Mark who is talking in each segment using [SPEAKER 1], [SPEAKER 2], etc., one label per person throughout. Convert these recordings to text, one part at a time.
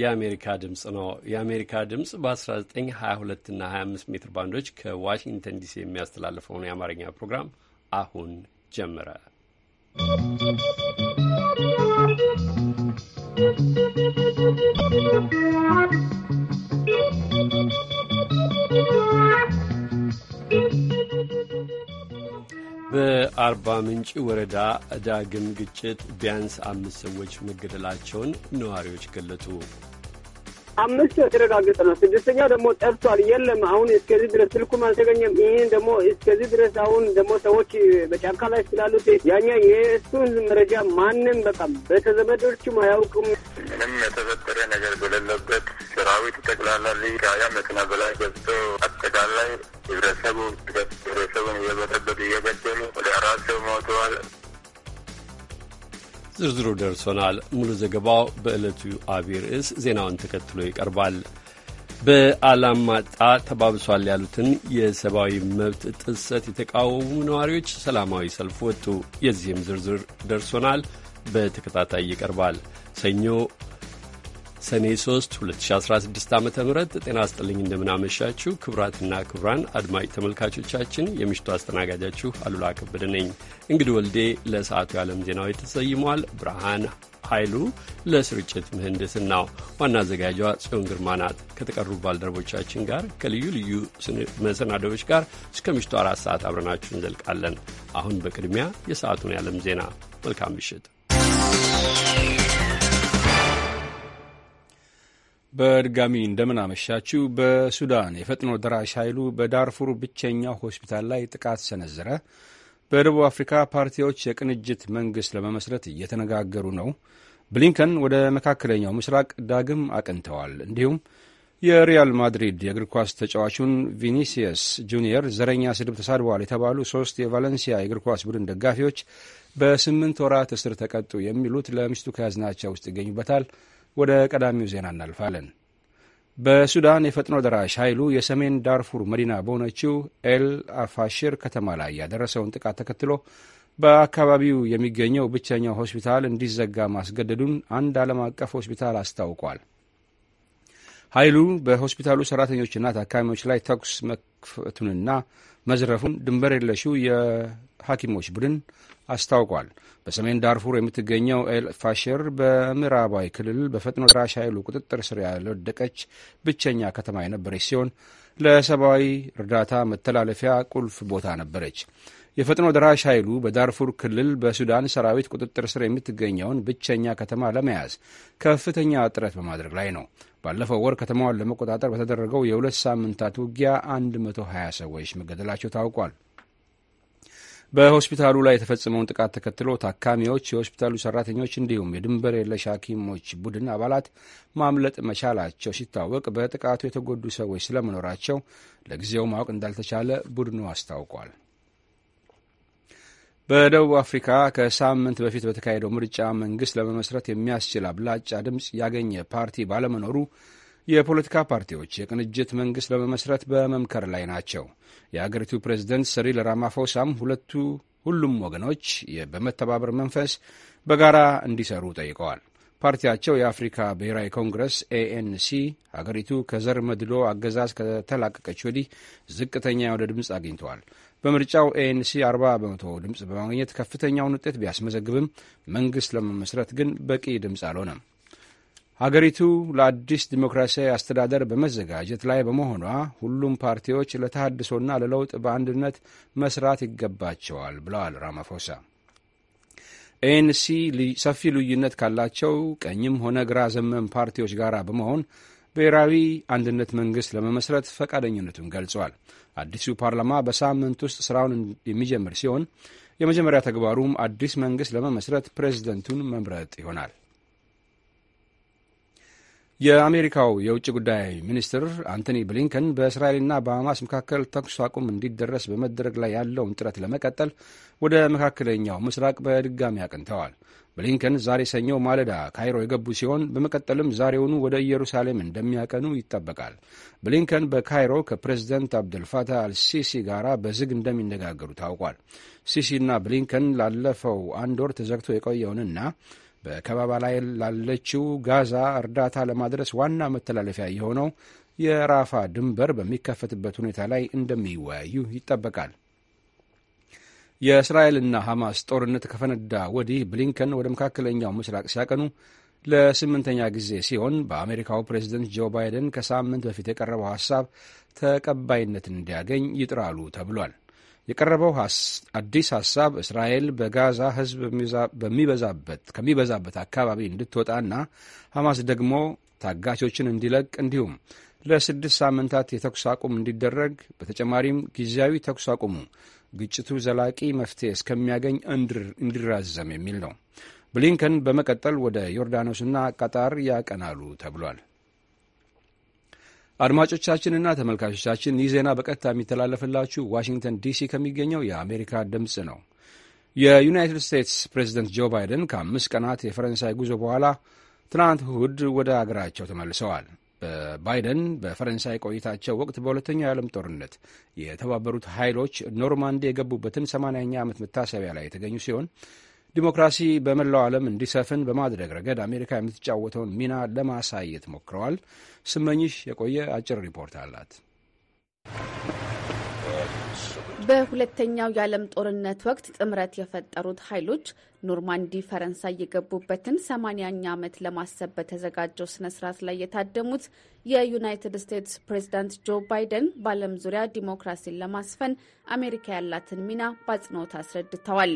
[SPEAKER 1] የአሜሪካ ድምፅ ነው። የአሜሪካ ድምፅ በ1922 እና 25 ሜትር ባንዶች ከዋሽንግተን ዲሲ የሚያስተላልፈውን የአማርኛ ፕሮግራም አሁን ጀመረ።
[SPEAKER 2] ¶¶
[SPEAKER 1] በአርባ ምንጭ ወረዳ ዳግም ግጭት ቢያንስ አምስት ሰዎች መገደላቸውን ነዋሪዎች ገለጡ።
[SPEAKER 3] አምስቱ የተረጋገጠ ነው። ስድስተኛው ደግሞ ጠፍቷል፣ የለም አሁን እስከዚህ ድረስ ስልኩም አልተገኘም። ይህን ደግሞ እስከዚህ ድረስ አሁን ደግሞ ሰዎች በጫካ ላይ ስላሉት ያኛ የእሱን መረጃ ማንም በቃም በተዘመዶቹም አያውቅም። ምንም
[SPEAKER 4] የተፈጠረ ነገር በሌለበት ሰራዊት ጠቅላላ ልጅ ከሀያ መኪና በላይ ገብቶ አጠቃላይ ህብረተሰቡ ህብረተሰቡን እየበጠበጡ እየገደሉ ወደ አራት ሰው ሞተዋል።
[SPEAKER 1] ዝርዝሩ ደርሶናል። ሙሉ ዘገባው በዕለቱ አቢይ ርዕስ ዜናውን ተከትሎ ይቀርባል። በአላማጣ ተባብሷል ያሉትን የሰብአዊ መብት ጥሰት የተቃወሙ ነዋሪዎች ሰላማዊ ሰልፍ ወጡ። የዚህም ዝርዝር ደርሶናል፣ በተከታታይ ይቀርባል። ሰኞ ሰኔ 3 2016 ዓ ም ጤና ስጥልኝ እንደምናመሻችሁ ክቡራትና ክቡራን አድማጭ ተመልካቾቻችን የምሽቱ አስተናጋጃችሁ አሉላ ከበደ ነኝ። እንግዲህ ወልዴ ለሰዓቱ የዓለም ዜናዎች ተሰይሟል። ብርሃን ኃይሉ ለስርጭት ምህንድስናው፣ ዋና አዘጋጇ ጽዮን ግርማ ናት። ከተቀሩ ባልደረቦቻችን ጋር ከልዩ ልዩ መሰናዶዎች ጋር እስከ ምሽቱ አራት ሰዓት አብረናችሁ እንዘልቃለን። አሁን በቅድሚያ የሰዓቱን የዓለም ዜና።
[SPEAKER 5] መልካም ምሽት። በድጋሚ እንደምናመሻችሁ። በሱዳን የፈጥኖ ደራሽ ኃይሉ በዳርፉር ብቸኛው ሆስፒታል ላይ ጥቃት ሰነዘረ። በደቡብ አፍሪካ ፓርቲዎች የቅንጅት መንግሥት ለመመስረት እየተነጋገሩ ነው። ብሊንከን ወደ መካከለኛው ምስራቅ ዳግም አቅንተዋል። እንዲሁም የሪያል ማድሪድ የእግር ኳስ ተጫዋቹን ቪኒሲየስ ጁኒየር ዘረኛ ስድብ ተሳድበዋል የተባሉ ሶስት የቫለንሲያ የእግር ኳስ ቡድን ደጋፊዎች በስምንት ወራት እስር ተቀጡ። የሚሉት ለምሽቱ ከያዝናቸው ውስጥ ይገኙበታል። ወደ ቀዳሚው ዜና እናልፋለን። በሱዳን የፈጥኖ ደራሽ ኃይሉ የሰሜን ዳርፉር መዲና በሆነችው ኤል አፋሽር ከተማ ላይ ያደረሰውን ጥቃት ተከትሎ በአካባቢው የሚገኘው ብቸኛው ሆስፒታል እንዲዘጋ ማስገደዱን አንድ ዓለም አቀፍ ሆስፒታል አስታውቋል። ኃይሉ በሆስፒታሉ ሰራተኞችና ታካሚዎች ላይ ተኩስ መክፈቱንና መዝረፉን ድንበር የለሹ የሐኪሞች ቡድን አስታውቋል። በሰሜን ዳርፉር የምትገኘው ኤል ፋሽር በምዕራባዊ ክልል በፈጥኖ ደራሽ ኃይሉ ቁጥጥር ስር ያልወደቀች ብቸኛ ከተማ የነበረች ሲሆን ለሰብአዊ እርዳታ መተላለፊያ ቁልፍ ቦታ ነበረች። የፈጥኖ ደራሽ ኃይሉ በዳርፉር ክልል በሱዳን ሰራዊት ቁጥጥር ስር የምትገኘውን ብቸኛ ከተማ ለመያዝ ከፍተኛ ጥረት በማድረግ ላይ ነው። ባለፈው ወር ከተማዋን ለመቆጣጠር በተደረገው የሁለት ሳምንታት ውጊያ 120 ሰዎች መገደላቸው ታውቋል። በሆስፒታሉ ላይ የተፈጸመውን ጥቃት ተከትሎ ታካሚዎች፣ የሆስፒታሉ ሰራተኞች እንዲሁም የድንበር የለሽ ሐኪሞች ቡድን አባላት ማምለጥ መቻላቸው ሲታወቅ በጥቃቱ የተጎዱ ሰዎች ስለመኖራቸው ለጊዜው ማወቅ እንዳልተቻለ ቡድኑ አስታውቋል። በደቡብ አፍሪካ ከሳምንት በፊት በተካሄደው ምርጫ መንግስት ለመመስረት የሚያስችል አብላጫ ድምፅ ያገኘ ፓርቲ ባለመኖሩ የፖለቲካ ፓርቲዎች የቅንጅት መንግሥት ለመመስረት በመምከር ላይ ናቸው። የአገሪቱ ፕሬዝደንት ሰሪል ራማፎሳም ሁለቱ ሁሉም ወገኖች በመተባበር መንፈስ በጋራ እንዲሰሩ ጠይቀዋል። ፓርቲያቸው የአፍሪካ ብሔራዊ ኮንግረስ ኤኤንሲ ሀገሪቱ ከዘር መድሎ አገዛዝ ከተላቀቀች ወዲህ ዝቅተኛ የሆነ ድምፅ አግኝተዋል። በምርጫው ኤኤንሲ 40 በመቶ ድምፅ በማግኘት ከፍተኛውን ውጤት ቢያስመዘግብም መንግሥት ለመመስረት ግን በቂ ድምፅ አልሆነም። አገሪቱ ለአዲስ ዲሞክራሲያዊ አስተዳደር በመዘጋጀት ላይ በመሆኗ ሁሉም ፓርቲዎች ለተሃድሶና ለለውጥ በአንድነት መስራት ይገባቸዋል ብለዋል ራማፎሳ። ኤንሲ ሰፊ ልዩነት ካላቸው ቀኝም ሆነ ግራ ዘመም ፓርቲዎች ጋር በመሆን ብሔራዊ አንድነት መንግሥት ለመመስረት ፈቃደኝነቱን ገልጿል። አዲሱ ፓርላማ በሳምንት ውስጥ ስራውን የሚጀምር ሲሆን የመጀመሪያ ተግባሩም አዲስ መንግሥት ለመመስረት ፕሬዚደንቱን መምረጥ ይሆናል። የአሜሪካው የውጭ ጉዳይ ሚኒስትር አንቶኒ ብሊንከን በእስራኤልና በሐማስ መካከል ተኩስ አቁም እንዲደረስ በመደረግ ላይ ያለውን ጥረት ለመቀጠል ወደ መካከለኛው ምስራቅ በድጋሚ አቅንተዋል። ብሊንከን ዛሬ ሰኞ ማለዳ ካይሮ የገቡ ሲሆን በመቀጠልም ዛሬውኑ ወደ ኢየሩሳሌም እንደሚያቀኑ ይጠበቃል። ብሊንከን በካይሮ ከፕሬዝደንት አብደልፋታህ አልሲሲ ጋር በዝግ እንደሚነጋገሩ ታውቋል። ሲሲና ብሊንከን ላለፈው አንድ ወር ተዘግቶ የቆየውንና በከበባ ላይ ላለችው ጋዛ እርዳታ ለማድረስ ዋና መተላለፊያ የሆነው የራፋ ድንበር በሚከፈትበት ሁኔታ ላይ እንደሚወያዩ ይጠበቃል። የእስራኤልና ሐማስ ጦርነት ከፈነዳ ወዲህ ብሊንከን ወደ መካከለኛው ምስራቅ ሲያቀኑ ለስምንተኛ ጊዜ ሲሆን በአሜሪካው ፕሬዝደንት ጆ ባይደን ከሳምንት በፊት የቀረበው ሐሳብ ተቀባይነት እንዲያገኝ ይጥራሉ ተብሏል። የቀረበው አዲስ ሀሳብ እስራኤል በጋዛ ሕዝብ ከሚበዛበት አካባቢ እንድትወጣና ሐማስ ደግሞ ታጋቾችን እንዲለቅ እንዲሁም ለስድስት ሳምንታት የተኩስ አቁም እንዲደረግ በተጨማሪም ጊዜያዊ ተኩስ አቁሙ ግጭቱ ዘላቂ መፍትሄ እስከሚያገኝ እንዲራዘም የሚል ነው። ብሊንከን በመቀጠል ወደ ዮርዳኖስና ቀጣር ያቀናሉ ተብሏል። አድማጮቻችንና ተመልካቾቻችን ይህ ዜና በቀጥታ የሚተላለፍላችሁ ዋሽንግተን ዲሲ ከሚገኘው የአሜሪካ ድምፅ ነው። የዩናይትድ ስቴትስ ፕሬዚደንት ጆ ባይደን ከአምስት ቀናት የፈረንሳይ ጉዞ በኋላ ትናንት እሁድ ወደ አገራቸው ተመልሰዋል። ባይደን በፈረንሳይ ቆይታቸው ወቅት በሁለተኛው የዓለም ጦርነት የተባበሩት ኃይሎች ኖርማንዲ የገቡበትን ሰማንያኛ ዓመት መታሰቢያ ላይ የተገኙ ሲሆን ዲሞክራሲ በመላው ዓለም እንዲሰፍን በማድረግ ረገድ አሜሪካ የምትጫወተውን ሚና ለማሳየት ሞክረዋል። ስመኝሽ የቆየ አጭር ሪፖርት አላት።
[SPEAKER 6] በሁለተኛው የዓለም ጦርነት ወቅት ጥምረት የፈጠሩት ኃይሎች ኖርማንዲ ፈረንሳይ የገቡበትን ሰማንያኛ ዓመት ለማሰብ በተዘጋጀው ስነ ስርዓት ላይ የታደሙት የዩናይትድ ስቴትስ ፕሬዚዳንት ጆ ባይደን በዓለም ዙሪያ ዲሞክራሲን ለማስፈን አሜሪካ ያላትን ሚና በአጽንኦት አስረድተዋል።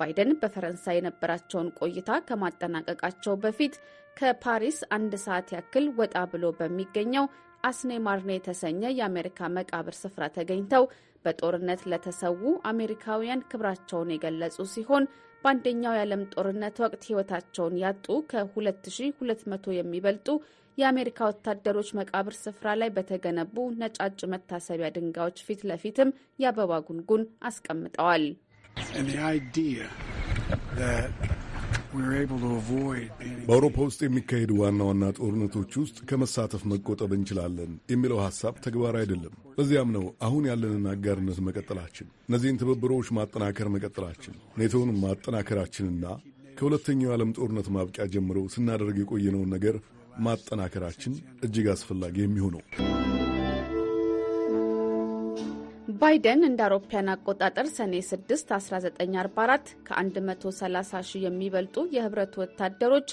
[SPEAKER 6] ባይደን በፈረንሳይ የነበራቸውን ቆይታ ከማጠናቀቃቸው በፊት ከፓሪስ አንድ ሰዓት ያክል ወጣ ብሎ በሚገኘው አስኔ ማርኔ የተሰኘ የአሜሪካ መቃብር ስፍራ ተገኝተው በጦርነት ለተሰዉ አሜሪካውያን ክብራቸውን የገለጹ ሲሆን በአንደኛው የዓለም ጦርነት ወቅት ሕይወታቸውን ያጡ ከ2200 የሚበልጡ የአሜሪካ ወታደሮች መቃብር ስፍራ ላይ በተገነቡ ነጫጭ መታሰቢያ ድንጋዮች ፊት ለፊትም የአበባ ጉንጉን አስቀምጠዋል።
[SPEAKER 7] በአውሮፓ ውስጥ የሚካሄዱ ዋና ዋና ጦርነቶች ውስጥ ከመሳተፍ መቆጠብ እንችላለን የሚለው ሐሳብ ተግባራዊ አይደለም። ለዚያም ነው አሁን ያለንን አጋርነት መቀጠላችን፣ እነዚህን ትብብሮች ማጠናከር መቀጠላችን፣ ኔቶን ማጠናከራችንና ከሁለተኛው የዓለም ጦርነት ማብቂያ ጀምሮ ስናደርግ የቆየነውን ነገር ማጠናከራችን እጅግ አስፈላጊ የሚሆነው
[SPEAKER 6] ባይደን እንደ አውሮፓያን አቆጣጠር ሰኔ 6 1944 ከ130 ሺህ የሚበልጡ የህብረቱ ወታደሮች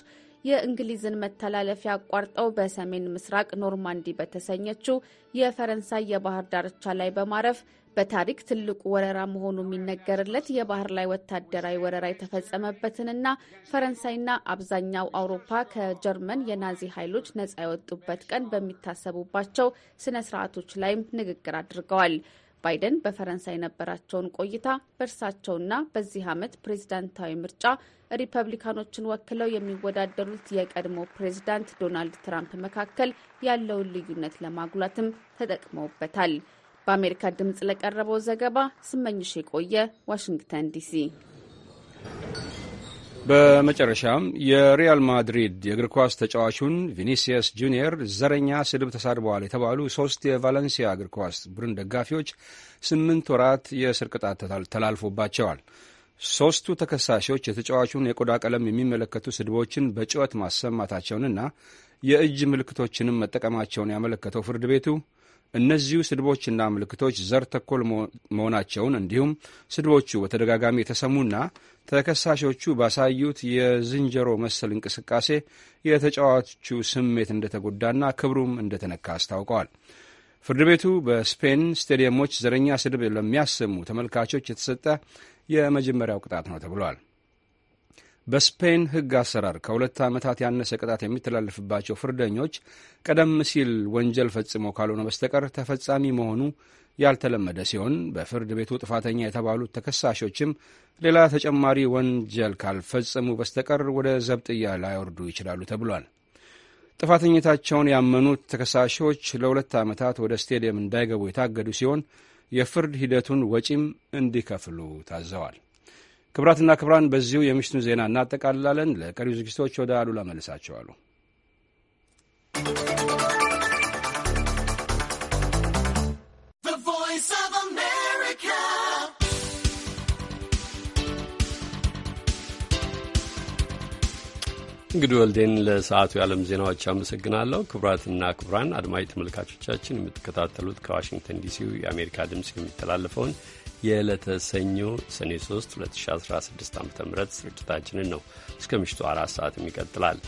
[SPEAKER 6] የእንግሊዝን መተላለፊያ አቋርጠው በሰሜን ምስራቅ ኖርማንዲ በተሰኘችው የፈረንሳይ የባህር ዳርቻ ላይ በማረፍ በታሪክ ትልቁ ወረራ መሆኑ የሚነገርለት የባህር ላይ ወታደራዊ ወረራ የተፈጸመበትንና ፈረንሳይና አብዛኛው አውሮፓ ከጀርመን የናዚ ኃይሎች ነጻ የወጡበት ቀን በሚታሰቡባቸው ስነ ስርዓቶች ላይም ንግግር አድርገዋል። ባይደን በፈረንሳይ የነበራቸውን ቆይታ በእርሳቸውና በዚህ ዓመት ፕሬዝዳንታዊ ምርጫ ሪፐብሊካኖችን ወክለው የሚወዳደሩት የቀድሞ ፕሬዝዳንት ዶናልድ ትራምፕ መካከል ያለውን ልዩነት ለማጉላትም ተጠቅመውበታል። በአሜሪካ ድምፅ ለቀረበው ዘገባ ስመኝሽ የቆየ ዋሽንግተን ዲሲ።
[SPEAKER 5] በመጨረሻም የሪያል ማድሪድ የእግር ኳስ ተጫዋቹን ቪኒሲየስ ጁኒየር ዘረኛ ስድብ ተሳድበዋል የተባሉ ሶስት የቫለንሲያ እግር ኳስ ቡድን ደጋፊዎች ስምንት ወራት የእስር ቅጣት ተላልፎባቸዋል። ሦስቱ ተከሳሾች የተጫዋቹን የቆዳ ቀለም የሚመለከቱ ስድቦችን በጩኸት ማሰማታቸውንና የእጅ ምልክቶችንም መጠቀማቸውን ያመለከተው ፍርድ ቤቱ እነዚሁ ስድቦችና ምልክቶች ዘር ተኮር መሆናቸውን እንዲሁም ስድቦቹ በተደጋጋሚ የተሰሙና ተከሳሾቹ ባሳዩት የዝንጀሮ መሰል እንቅስቃሴ የተጫዋቹ ስሜት እንደተጎዳና ክብሩም እንደተነካ አስታውቀዋል። ፍርድ ቤቱ በስፔን ስቴዲየሞች ዘረኛ ስድብ ለሚያሰሙ ተመልካቾች የተሰጠ የመጀመሪያው ቅጣት ነው ተብሏል። በስፔን ሕግ አሰራር ከሁለት ዓመታት ያነሰ ቅጣት የሚተላለፍባቸው ፍርደኞች ቀደም ሲል ወንጀል ፈጽሞ ካልሆነ በስተቀር ተፈጻሚ መሆኑ ያልተለመደ ሲሆን በፍርድ ቤቱ ጥፋተኛ የተባሉት ተከሳሾችም ሌላ ተጨማሪ ወንጀል ካልፈጸሙ በስተቀር ወደ ዘብጥያ ላይወርዱ ይችላሉ ተብሏል። ጥፋተኝነታቸውን ያመኑት ተከሳሾች ለሁለት ዓመታት ወደ ስቴዲየም እንዳይገቡ የታገዱ ሲሆን የፍርድ ሂደቱን ወጪም እንዲከፍሉ ታዘዋል። ክብራትና ክብራን በዚሁ የምሽቱን ዜና እናጠቃልላለን። ለቀሪው ዝግጅቶች ወደ አሉላ መልሳቸዋሉ።
[SPEAKER 1] እንግዲህ ወልዴን ለሰዓቱ የዓለም ዜናዎች አመሰግናለሁ። ክቡራትና ክቡራን አድማጭ ተመልካቾቻችን የምትከታተሉት ከዋሽንግተን ዲሲው የአሜሪካ ድምፅ የሚተላለፈውን የዕለተ ሰኞ ሰኔ 3 2016 ዓ ም ስርጭታችንን ነው። እስከ ምሽቱ አራት ሰዓትም ይቀጥላል።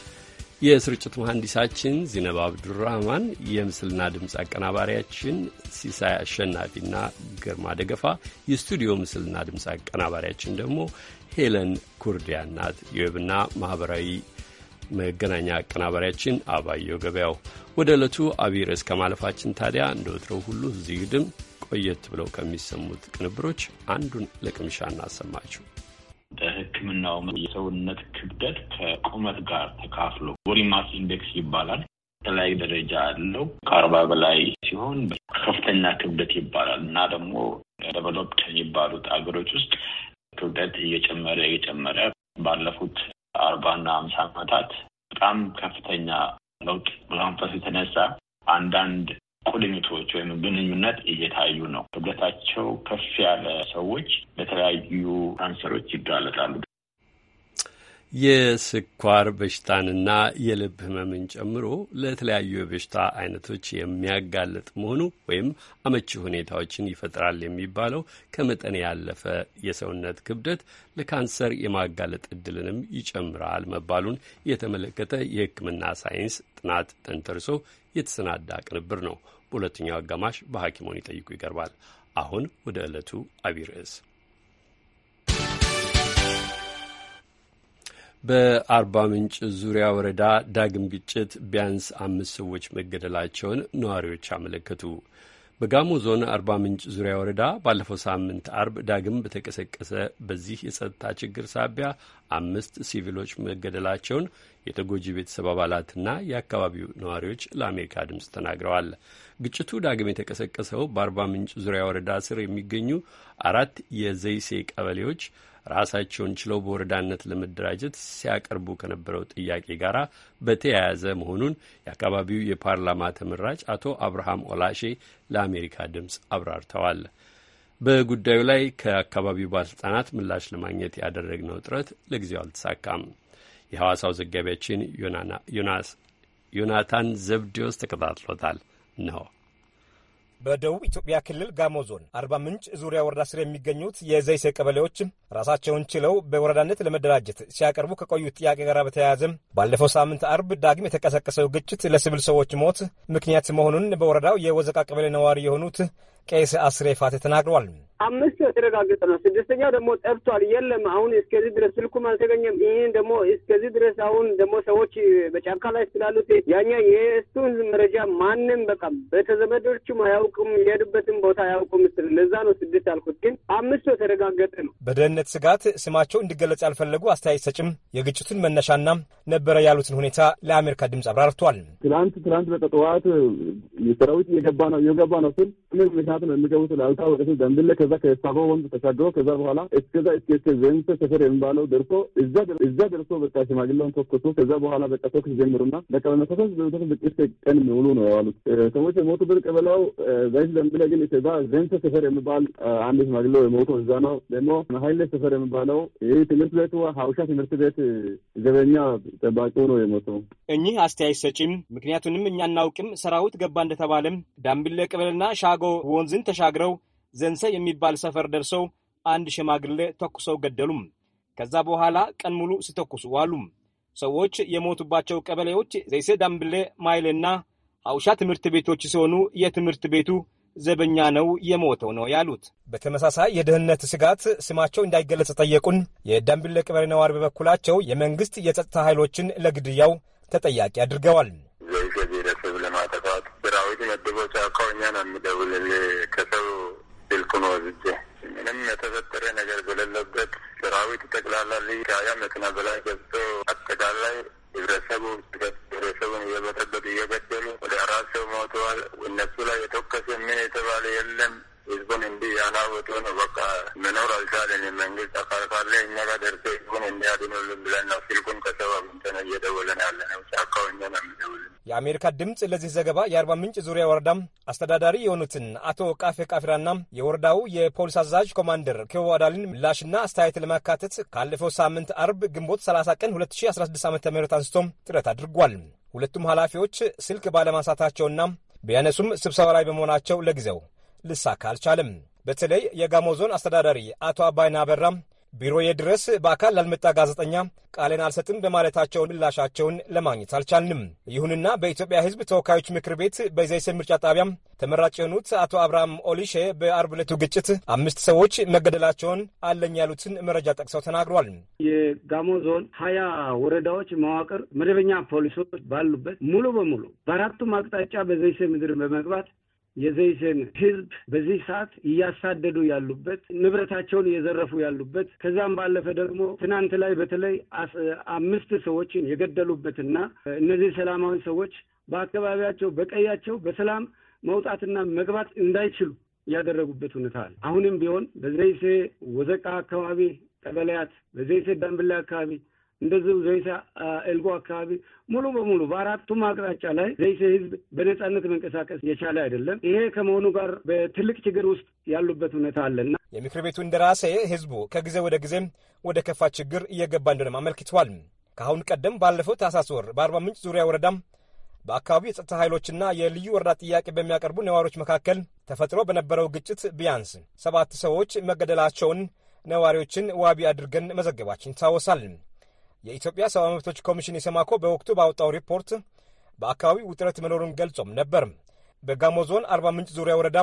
[SPEAKER 1] የስርጭት መሐንዲሳችን ዚነብ አብዱራህማን፣ የምስልና ድምፅ አቀናባሪያችን ሲሳይ አሸናፊና ግርማ ደገፋ፣ የስቱዲዮ ምስልና ድምፅ አቀናባሪያችን ደግሞ ሄለን ኩርዲያን ናት። የዌብና ማኅበራዊ መገናኛ አቀናባሪያችን አባየው ገበያው። ወደ ዕለቱ አቢይ ርዕስ ከማለፋችን ታዲያ እንደ ወትረው ሁሉ እዚህ ግድም ቆየት ብለው ከሚሰሙት ቅንብሮች አንዱን
[SPEAKER 4] ለቅምሻ እናሰማችሁ። በሕክምናው የሰውነት ክብደት ከቁመት ጋር ተካፍሎ ቦዲ ማስ ኢንዴክስ ይባላል። የተለያዩ ደረጃ አለው። ከአርባ በላይ ሲሆን ከፍተኛ ክብደት ይባላል እና ደግሞ ደቨሎፕ ከሚባሉት ሀገሮች ውስጥ ክብደት እየጨመረ እየጨመረ ባለፉት አርባና አምሳ ዓመታት በጣም ከፍተኛ ለውጥ በመንፈስ የተነሳ አንዳንድ ቁልኝቶች ወይም ግንኙነት እየታዩ ነው። ክብደታቸው ከፍ ያለ ሰዎች ለተለያዩ ካንሰሮች ይጋለጣሉ።
[SPEAKER 1] የስኳር በሽታንና የልብ ህመምን ጨምሮ ለተለያዩ የበሽታ አይነቶች የሚያጋልጥ መሆኑ ወይም አመቺ ሁኔታዎችን ይፈጥራል የሚባለው ከመጠን ያለፈ የሰውነት ክብደት ለካንሰር የማጋለጥ እድልንም ይጨምራል መባሉን የተመለከተ የሕክምና ሳይንስ ጥናት ተንተርሶ የተሰናዳ ቅንብር ነው። በሁለተኛው አጋማሽ በሐኪሞን ይጠይቁ ይቀርባል። አሁን ወደ ዕለቱ አቢይ ርዕስ በአርባ ምንጭ ዙሪያ ወረዳ ዳግም ግጭት ቢያንስ አምስት ሰዎች መገደላቸውን ነዋሪዎች አመለከቱ። በጋሞ ዞን አርባ ምንጭ ዙሪያ ወረዳ ባለፈው ሳምንት አርብ ዳግም በተቀሰቀሰ በዚህ የጸጥታ ችግር ሳቢያ አምስት ሲቪሎች መገደላቸውን የተጎጂ ቤተሰብ አባላትና የአካባቢው ነዋሪዎች ለአሜሪካ ድምፅ ተናግረዋል። ግጭቱ ዳግም የተቀሰቀሰው በአርባ ምንጭ ዙሪያ ወረዳ ስር የሚገኙ አራት የዘይሴ ቀበሌዎች ራሳቸውን ችለው በወረዳነት ለመደራጀት ሲያቀርቡ ከነበረው ጥያቄ ጋር በተያያዘ መሆኑን የአካባቢው የፓርላማ ተመራጭ አቶ አብርሃም ኦላሼ ለአሜሪካ ድምፅ አብራርተዋል። በጉዳዩ ላይ ከአካባቢው ባለሥልጣናት ምላሽ ለማግኘት ያደረግነው ጥረት ለጊዜው አልተሳካም። የሐዋሳው ዘጋቢያችን ዮናታን ዘብዴዎስ ተከታትሎታል ነው።
[SPEAKER 2] በደቡብ ኢትዮጵያ ክልል ጋሞ ዞን አርባ ምንጭ ዙሪያ ወረዳ ስር የሚገኙት የዘይሴ ቀበሌዎች ራሳቸውን ችለው በወረዳነት ለመደራጀት ሲያቀርቡ ከቆዩት ጥያቄ ጋር በተያያዘም ባለፈው ሳምንት አርብ ዳግም የተቀሰቀሰው ግጭት ለስብል ሰዎች ሞት ምክንያት መሆኑን በወረዳው የወዘቃ ቀበሌ ነዋሪ የሆኑት ቄስ አስሬ ፋቴ ተናግረዋል።
[SPEAKER 3] አምስቱ የተረጋገጠ ነው። ስድስተኛው ደግሞ ጠፍቷል፣ የለም አሁን እስከዚህ ድረስ ስልኩም አልተገኘም። ይህን ደግሞ እስከዚህ ድረስ አሁን ደግሞ ሰዎች በጫካ ላይ ስላሉት ያኛ የእሱን መረጃ ማንም በቃ በተዘመዶቹም አያውቁም፣ የሄዱበትም ቦታ አያውቁም። ስል ለዛ ነው ስድስት ያልኩት፣ ግን አምስቱ የተረጋገጠ
[SPEAKER 2] ነው። በደህንነት ስጋት ስማቸው እንዲገለጽ ያልፈለጉ አስተያየት ሰጭም የግጭቱን መነሻና ነበረ ያሉትን ሁኔታ ለአሜሪካ ድምፅ አብራርቷል። ትላንት ትላንት
[SPEAKER 3] በጠዋት ሰራዊት እየገባ ነው እየገባ ነው ስል ምክንያት ነው የሚገቡት ወደ ደንብለ ከዛ ከሳፎ ወንዝ ተሻግሮ ከዛ በኋላ እስከዛ እስከ ዘንሰ ሰፈር የሚባለው ደርሶ እዛ ደርሶ በቃ ሽማግሌውን ተኮሶ ከዛ በኋላ በቃ ተኩስ ጀምሩና በቃ በመተኮስ በመተኮስ ብቅስ ቀን የሚውሉ ነው የዋሉት ሰዎች የሞቱ የሞቱበት ቀበላው ዘይት ደንብለ ግን ከዛ ዘንሰ ሰፈር የሚባል አንድ ሽማግሌ የሞቱ እዛ ነው። ደግሞ ሀይሌ ሰፈር የሚባለው ይህ ትምህርት ቤቱ ሀውሻ ትምህርት ቤት ዘበኛ ጠባቂ ነው የሞተው።
[SPEAKER 2] እኚህ አስተያየት ሰጪም ምክንያቱንም እኛ እናውቅም ሰራዊት ገባ እንደተባለም ዳምቢለ ቀበልና ሻጎ ወንዝ ወንዝን ተሻግረው ዘንሰ የሚባል ሰፈር ደርሰው አንድ ሽማግሌ ተኩሰው ገደሉም። ከዛ በኋላ ቀን ሙሉ ሲተኩሱ ዋሉ። ሰዎች የሞቱባቸው ቀበሌዎች ዘይሴ፣ ዳምብሌ፣ ማይልና አውሻ ትምህርት ቤቶች ሲሆኑ የትምህርት ቤቱ ዘበኛ ነው የሞተው ነው ያሉት። በተመሳሳይ የደህንነት ስጋት ስማቸው እንዳይገለጽ ጠየቁን የዳምብሌ ቀበሌ ነዋሪ በበኩላቸው የመንግስት የጸጥታ ኃይሎችን ለግድያው ተጠያቂ አድርገዋል።
[SPEAKER 4] ለፍቅረኛ ነው የምደውልል ከሰው ነው ወዝጄ ምንም የተፈጠረ ነገር በሌለበት ሰራዊት ጠቅላላ ልዩ ከሀያ መኪና በላይ ገብቶ አጠቃላይ ህብረተሰቡ ህብረተሰቡን እየበጠበጡ እየገደሉ
[SPEAKER 3] ወደ አራት ሰው ሞተዋል። እነሱ ላይ የተወከሰ ምን የተባለ የለም። ህዝቡን እንዲህ ያናወጡ ነው። በቃ መኖር አልቻለን። መንግስት አካል ካለ እኛ ጋር ደርሶ ህዝቡን እንዲያድኑልን ብለን ነው ስልኩን ከሰው አግኝተን እየደወለን
[SPEAKER 2] ያለ ነው። ጫካው እኛ ነው የሚደውልን። የአሜሪካ ድምፅ ለዚህ ዘገባ የአርባ ምንጭ ዙሪያ ወረዳም አስተዳዳሪ የሆኑትን አቶ ቃፌ ቃፊራና የወረዳው የፖሊስ አዛዥ ኮማንደር ኬዋዳሊን ምላሽና አስተያየት ለማካተት ካለፈው ሳምንት አርብ ግንቦት 30 ቀን 2016 ዓ ም አንስቶ ጥረት አድርጓል። ሁለቱም ኃላፊዎች ስልክ ባለማንሳታቸውና ቢያነሱም ስብሰባ ላይ በመሆናቸው ለጊዜው ልሳካ አልቻለም። በተለይ የጋሞ ዞን አስተዳዳሪ አቶ አባይና አበራም ቢሮዬ ድረስ በአካል ላልመጣ ጋዜጠኛ ቃሌን አልሰጥም በማለታቸውን ምላሻቸውን ለማግኘት አልቻልንም። ይሁንና በኢትዮጵያ ሕዝብ ተወካዮች ምክር ቤት በዘይሴ ምርጫ ጣቢያም ተመራጭ የሆኑት አቶ አብርሃም ኦሊሼ በአርብ ዕለቱ ግጭት አምስት ሰዎች መገደላቸውን አለኝ ያሉትን መረጃ ጠቅሰው ተናግሯል።
[SPEAKER 3] የጋሞ ዞን ሀያ ወረዳዎች መዋቅር መደበኛ ፖሊሶች ባሉበት ሙሉ በሙሉ በአራቱም አቅጣጫ በዘይሴ ምድር በመግባት የዘይሴን ህዝብ በዚህ ሰዓት እያሳደዱ ያሉበት ንብረታቸውን እየዘረፉ ያሉበት ከዛም ባለፈ ደግሞ ትናንት ላይ በተለይ አምስት ሰዎችን የገደሉበትና እነዚህ ሰላማዊ ሰዎች በአካባቢያቸው በቀያቸው በሰላም መውጣትና መግባት እንዳይችሉ ያደረጉበት ሁኔታ አለ። አሁንም ቢሆን በዘይሴ ወዘቃ አካባቢ ቀበሌያት፣ በዘይሴ ዳንብላ አካባቢ እንደዚሁ ዘይሴ ኤልጎ አካባቢ ሙሉ በሙሉ በአራቱም አቅጣጫ ላይ ዘይሴ ህዝብ
[SPEAKER 2] በነጻነት መንቀሳቀስ የቻለ አይደለም። ይሄ ከመሆኑ ጋር በትልቅ ችግር ውስጥ ያሉበት ሁኔታ አለና የምክር ቤቱ እንደራሴ ህዝቡ ከጊዜ ወደ ጊዜ ወደ ከፋ ችግር እየገባ እንደሆነም አመልክቷል። ከአሁን ቀደም ባለፈው ታህሳስ ወር በአርባ ምንጭ ዙሪያ ወረዳም በአካባቢው የጸጥታ ኃይሎችና የልዩ ወረዳ ጥያቄ በሚያቀርቡ ነዋሪዎች መካከል ተፈጥሮ በነበረው ግጭት ቢያንስ ሰባት ሰዎች መገደላቸውን ነዋሪዎችን ዋቢ አድርገን መዘገባችን ይታወሳል። የኢትዮጵያ ሰብአዊ መብቶች ኮሚሽን የሰማኮ በወቅቱ ባወጣው ሪፖርት በአካባቢው ውጥረት መኖሩን ገልጾም ነበር። በጋሞ ዞን አርባ ምንጭ ዙሪያ ወረዳ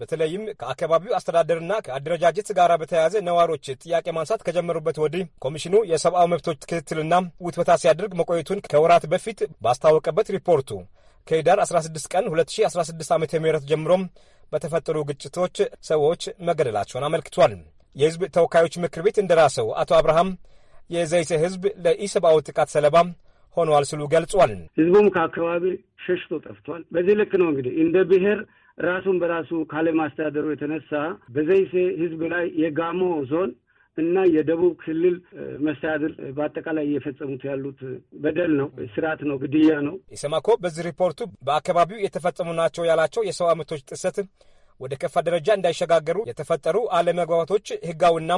[SPEAKER 2] በተለይም ከአካባቢው አስተዳደርና ከአደረጃጀት ጋር በተያያዘ ነዋሪዎች ጥያቄ ማንሳት ከጀመሩበት ወዲህ ኮሚሽኑ የሰብአዊ መብቶች ክትትልና ውትበታ ሲያደርግ መቆየቱን ከወራት በፊት ባስታወቀበት ሪፖርቱ ከህዳር 16 ቀን 2016 ዓ ም ጀምሮም በተፈጠሩ ግጭቶች ሰዎች መገደላቸውን አመልክቷል። የህዝብ ተወካዮች ምክር ቤት እንደራሰው አቶ አብርሃም የዘይሴ ህዝብ ለኢሰብአዊ ጥቃት ሰለባ ሆኗል ሲሉ ገልጿል።
[SPEAKER 3] ህዝቡም ከአካባቢ ሸሽቶ ጠፍቷል። በዚህ ልክ ነው እንግዲህ እንደ ብሔር ራሱን በራሱ ማስተዳደሩ የተነሳ በዘይሴ ህዝብ ላይ የጋሞ ዞን እና የደቡብ ክልል መስተዳድር በአጠቃላይ እየፈጸሙት ያሉት በደል ነው፣ ስርዓት ነው፣ ግድያ ነው።
[SPEAKER 2] ኢሰማኮ በዚህ ሪፖርቱ በአካባቢው የተፈጸሙ ናቸው ያላቸው የሰብአዊ መብቶች ጥሰት ወደ ከፋ ደረጃ እንዳይሸጋገሩ የተፈጠሩ አለመግባባቶች ህጋዊና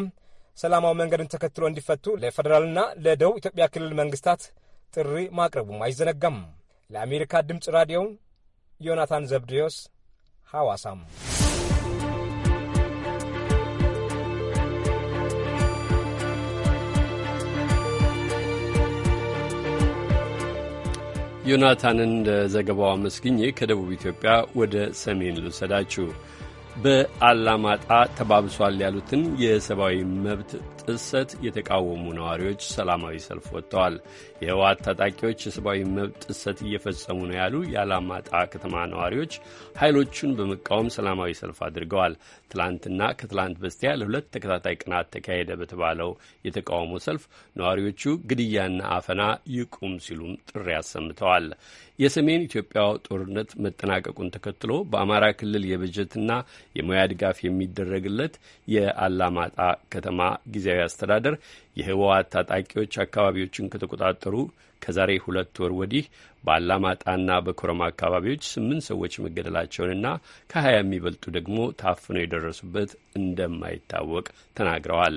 [SPEAKER 2] ሰላማዊ መንገድን ተከትሎ እንዲፈቱ ለፌዴራልና ለደቡብ ኢትዮጵያ ክልል መንግስታት ጥሪ ማቅረቡም አይዘነጋም። ለአሜሪካ ድምፅ ራዲዮ ዮናታን ዘብድዮስ ሐዋሳም።
[SPEAKER 1] ዮናታንን ለዘገባው አመስግኜ ከደቡብ ኢትዮጵያ ወደ ሰሜን ልውሰዳችሁ። በአላማጣ ተባብሷል ያሉትን የሰብአዊ መብት ጥሰት የተቃወሙ ነዋሪዎች ሰላማዊ ሰልፍ ወጥተዋል። የህወሓት ታጣቂዎች የሰብአዊ መብት ጥሰት እየፈጸሙ ነው ያሉ የአላማጣ ከተማ ነዋሪዎች ኃይሎቹን በመቃወም ሰላማዊ ሰልፍ አድርገዋል። ትላንትና ከትላንት በስቲያ ለሁለት ተከታታይ ቀናት ተካሄደ በተባለው የተቃውሞ ሰልፍ ነዋሪዎቹ ግድያና አፈና ይቁም ሲሉም ጥሪ አሰምተዋል። የሰሜን ኢትዮጵያው ጦርነት መጠናቀቁን ተከትሎ በአማራ ክልል የበጀትና የሙያ ድጋፍ የሚደረግለት የአላማጣ ከተማ ጊዜ ጊዜያዊ አስተዳደር የህወሓት ታጣቂዎች አካባቢዎችን ከተቆጣጠሩ ከዛሬ ሁለት ወር ወዲህ በአላማጣና በኮረማ አካባቢዎች ስምንት ሰዎች መገደላቸውንና ከሀያ የሚበልጡ ደግሞ ታፍነው የደረሱበት እንደማይታወቅ ተናግረዋል።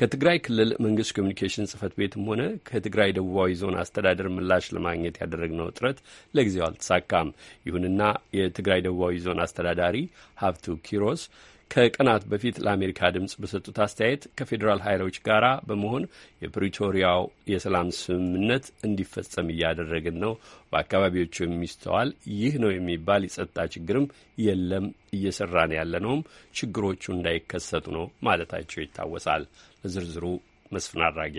[SPEAKER 1] ከትግራይ ክልል መንግስት ኮሚኒኬሽን ጽህፈት ቤትም ሆነ ከትግራይ ደቡባዊ ዞን አስተዳደር ምላሽ ለማግኘት ያደረግነው ጥረት ለጊዜው አልተሳካም። ይሁንና የትግራይ ደቡባዊ ዞን አስተዳዳሪ ሀብቱ ኪሮስ ከቀናት በፊት ለአሜሪካ ድምፅ በሰጡት አስተያየት ከፌዴራል ኃይሎች ጋር በመሆን የፕሪቶሪያው የሰላም ስምምነት እንዲፈጸም እያደረግን ነው። በአካባቢዎቹ የሚስተዋል ይህ ነው የሚባል የጸጥታ ችግርም የለም። እየሰራን ያለነውም ችግሮቹ እንዳይከሰቱ ነው ማለታቸው ይታወሳል። ለዝርዝሩ መስፍን አራጌ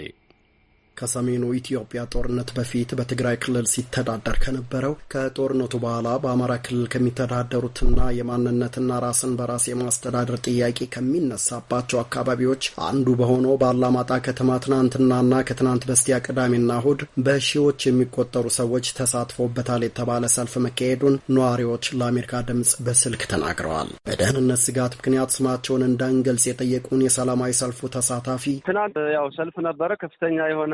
[SPEAKER 8] ከሰሜኑ ኢትዮጵያ ጦርነት በፊት በትግራይ ክልል ሲተዳደር ከነበረው ከጦርነቱ በኋላ በአማራ ክልል ከሚተዳደሩትና የማንነትና ራስን በራስ የማስተዳደር ጥያቄ ከሚነሳባቸው አካባቢዎች አንዱ በሆነው በአላማጣ ከተማ ትናንትናና ከትናንት በስቲያ ቅዳሜና እሁድ በሺዎች የሚቆጠሩ ሰዎች ተሳትፎበታል የተባለ ሰልፍ መካሄዱን ነዋሪዎች ለአሜሪካ ድምፅ በስልክ ተናግረዋል። በደህንነት ስጋት ምክንያት ስማቸውን እንዳንገልጽ የጠየቁን የሰላማዊ ሰልፉ ተሳታፊ ትናንት ያው ሰልፍ
[SPEAKER 3] ነበረ ከፍተኛ የሆነ